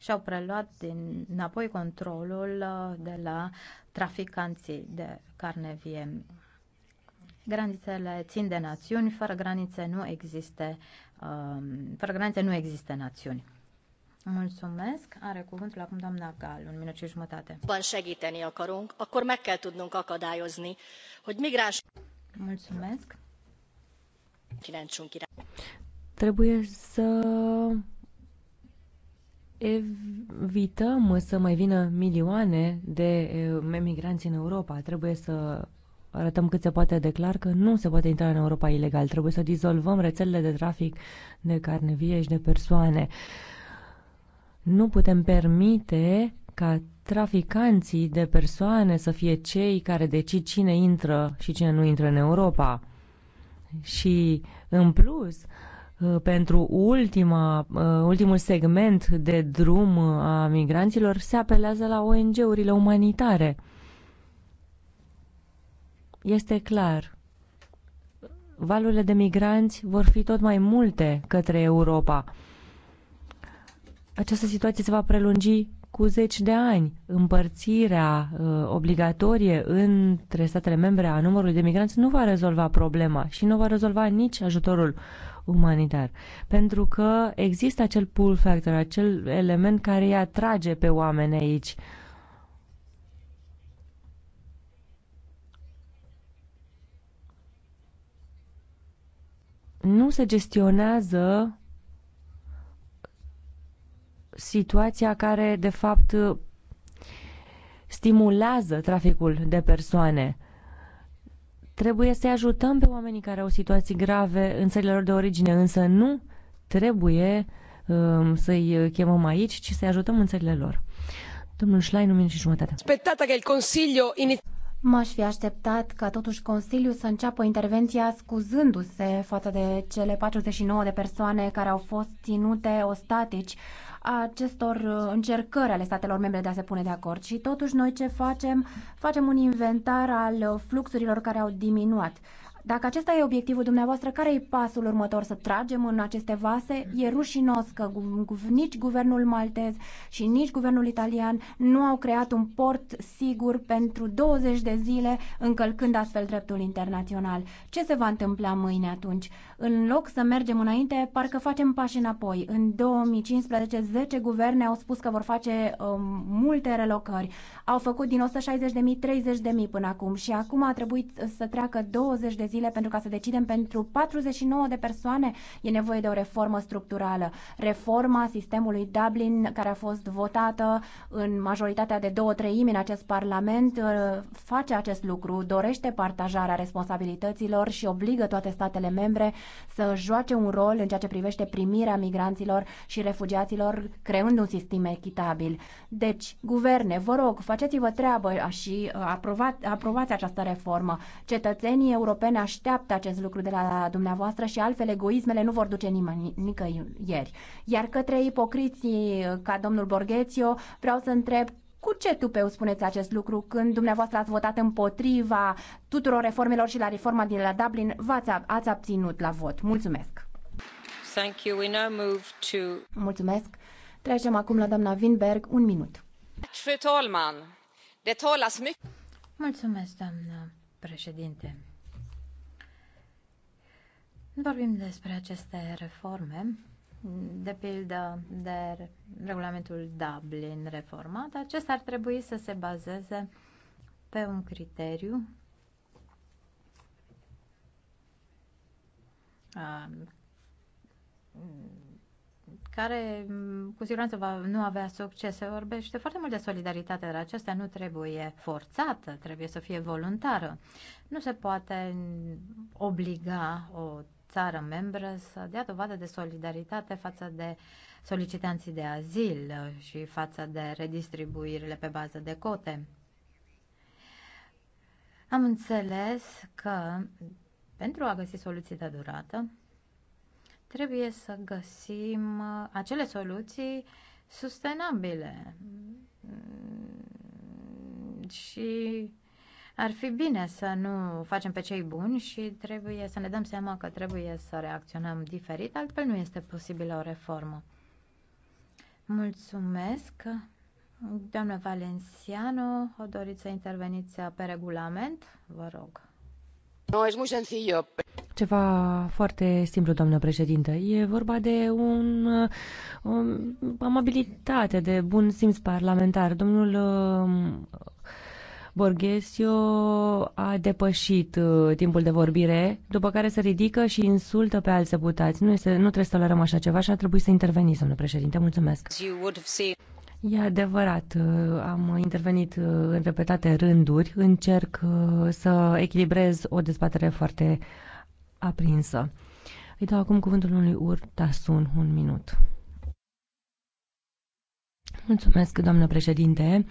și-au preluat din, înapoi controlul uh, de la traficanții de carne vie. Granițele țin de națiuni, fără granițe nu există, um, fără granițe nu există națiuni. Mulțumesc. Are cuvântul acum doamna Gal, un minut și jumătate. Ban segíteni akarunk, akkor meg kell tudnunk akadályozni, hogy migráns... Mulțumesc. Trebuie să evităm să mai vină milioane de emigranți eh, în Europa. Trebuie să arătăm cât se poate de clar că nu se poate intra în Europa ilegal. Trebuie să dizolvăm rețelele de trafic de carne vie și de persoane. Nu putem permite ca traficanții de persoane să fie cei care decid cine intră și cine nu intră în Europa. Și, în plus, pentru ultima, ultimul segment de drum a migranților se apelează la ONG-urile umanitare. Este clar, valurile de migranți vor fi tot mai multe către Europa. Această situație se va prelungi cu zeci de ani. Împărțirea uh, obligatorie între statele membre a numărului de migranți nu va rezolva problema și nu va rezolva nici ajutorul umanitar. Pentru că există acel pull factor, acel element care îi atrage pe oameni aici. Uh, nu se gestionează situația care, de fapt, stimulează traficul de persoane. Trebuie să-i ajutăm pe oamenii care au situații grave în țările lor de origine, însă nu trebuie um, să-i chemăm aici, ci să-i ajutăm în țările lor. Domnul Schlein, un minut și jumătate. Spetata că el Consiliul M-aș fi așteptat ca totuși Consiliul să înceapă intervenția scuzându-se față de cele 49 de persoane care au fost ținute ostatici a acestor uh, încercări ale statelor membre de a se pune de acord. Și totuși noi ce facem? Facem un inventar al uh, fluxurilor care au diminuat. Dacă acesta e obiectivul dumneavoastră, care e pasul următor? Să tragem în aceste vase? E rușinos că nici guvernul maltez și nici guvernul italian nu au creat un port sigur pentru 20 de zile, încălcând astfel dreptul internațional. Ce se va întâmpla mâine atunci? În loc să mergem înainte, parcă facem pași înapoi. În 2015, 10 guverne au spus că vor face um, multe relocări. Au făcut din 160.000 30.000 până acum și acum a trebuit să treacă 20 de zile pentru ca să decidem pentru 49 de persoane. E nevoie de o reformă structurală. Reforma sistemului Dublin, care a fost votată în majoritatea de două treimi în acest Parlament, uh, face acest lucru, dorește partajarea responsabilităților și obligă toate statele membre să joace un rol în ceea ce privește primirea migranților și refugiaților, creând un sistem echitabil. Deci, guverne, vă rog, faceți-vă treabă și uh, aprovați, aprovați această reformă. Cetățenii europene așteaptă acest lucru de la dumneavoastră și altfel egoismele nu vor duce nimeni, nicăieri. Iar către ipocriții ca domnul Borghețio vreau să întreb cu ce tupeu spuneți acest lucru când dumneavoastră ați votat împotriva tuturor reformelor și la reforma din la Dublin v-ați ați abținut la vot? Mulțumesc! Thank you. We now move to... Mulțumesc! Trecem acum la doamna Winberg, un minut. Mulțumesc, doamnă președinte. Vorbim despre aceste reforme, de pildă de regulamentul Dublin reformat. Acesta ar trebui să se bazeze pe un criteriu care cu siguranță va, nu avea succes. Se vorbește foarte mult de solidaritate, dar acesta nu trebuie forțată, trebuie să fie voluntară. Nu se poate obliga o țară membră să dea dovadă de solidaritate față de solicitanții de azil și față de redistribuirile pe bază de cote. Am înțeles că pentru a găsi soluții de durată, trebuie să găsim acele soluții sustenabile și ar fi bine să nu facem pe cei buni și trebuie să ne dăm seama că trebuie să reacționăm diferit, altfel nu este posibilă o reformă. Mulțumesc. doamnă Valenciano, o doriți să interveniți pe regulament? Vă rog. No, es muy sencillo. Ceva foarte simplu, doamnă președintă. E vorba de un, o um, amabilitate, de bun simț parlamentar. Domnul um, Borghesio a depășit uh, timpul de vorbire, după care se ridică și insultă pe alți deputați. Nu, este, nu trebuie să tolerăm așa ceva și a trebuit să interveniți, domnule președinte. Mulțumesc. E adevărat, uh, am intervenit uh, în repetate rânduri, încerc să echilibrez o dezbatere foarte aprinsă. Îi dau acum cuvântul lui Urtasun, un minut. Mulțumesc, doamnă președinte.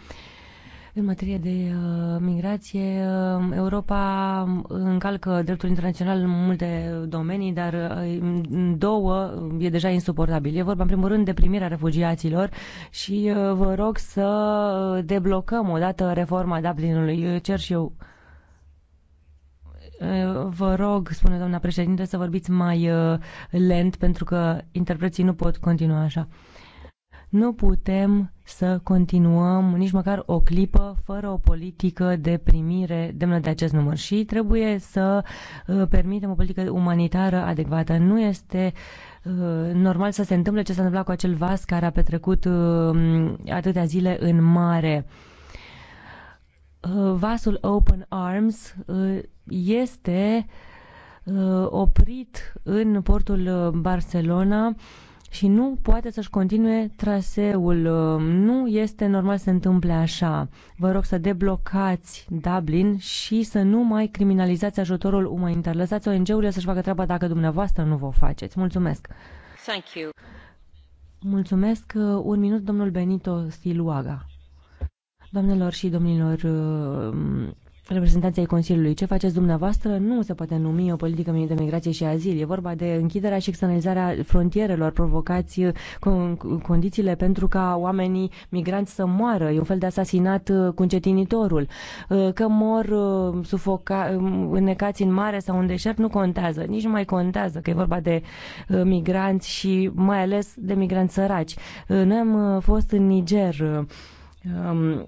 În materie de uh, migrație, uh, Europa um, încalcă dreptul internațional în multe domenii, dar uh, două um, e deja insuportabil. E vorba, în primul rând, de primirea refugiaților și uh, vă rog să deblocăm odată reforma Dublinului. Cer și eu. Uh, vă rog, spune doamna președinte, să vorbiți mai uh, lent pentru că interpreții nu pot continua așa. Uh, nu putem să continuăm nici măcar o clipă fără o politică de primire demnă de acest număr și trebuie să uh, permitem o politică umanitară adecvată. Nu este uh, normal să se întâmple ce s-a întâmplat cu acel vas care a petrecut uh, atâtea zile în mare. Vasul Open Arms este oprit în portul Barcelona și nu poate să-și continue traseul. Um, nu este normal să se întâmple așa. Vă rog să deblocați Dublin și să nu mai criminalizați ajutorul umanitar. Lăsați ONG-urile să-și facă treaba dacă dumneavoastră nu vă faceți. Mulțumesc! Thank you. Mulțumesc. Uh, un minut, domnul Benito Siluaga. Doamnelor și domnilor, uh, reprezentanței Consiliului. Ce faceți dumneavoastră nu se poate numi o politică de migrație și azil. E vorba de închiderea și externalizarea frontierelor, provocați uh, condițiile pentru ca oamenii migranți să moară. E un fel de asasinat uh, cu încetinitorul. Uh, că mor sufoca, um, înnecați în mare sau în deșert nu contează. Nici nu mai contează că e vorba de migranți și mai ales de migranți săraci. Noi am fost în Niger um,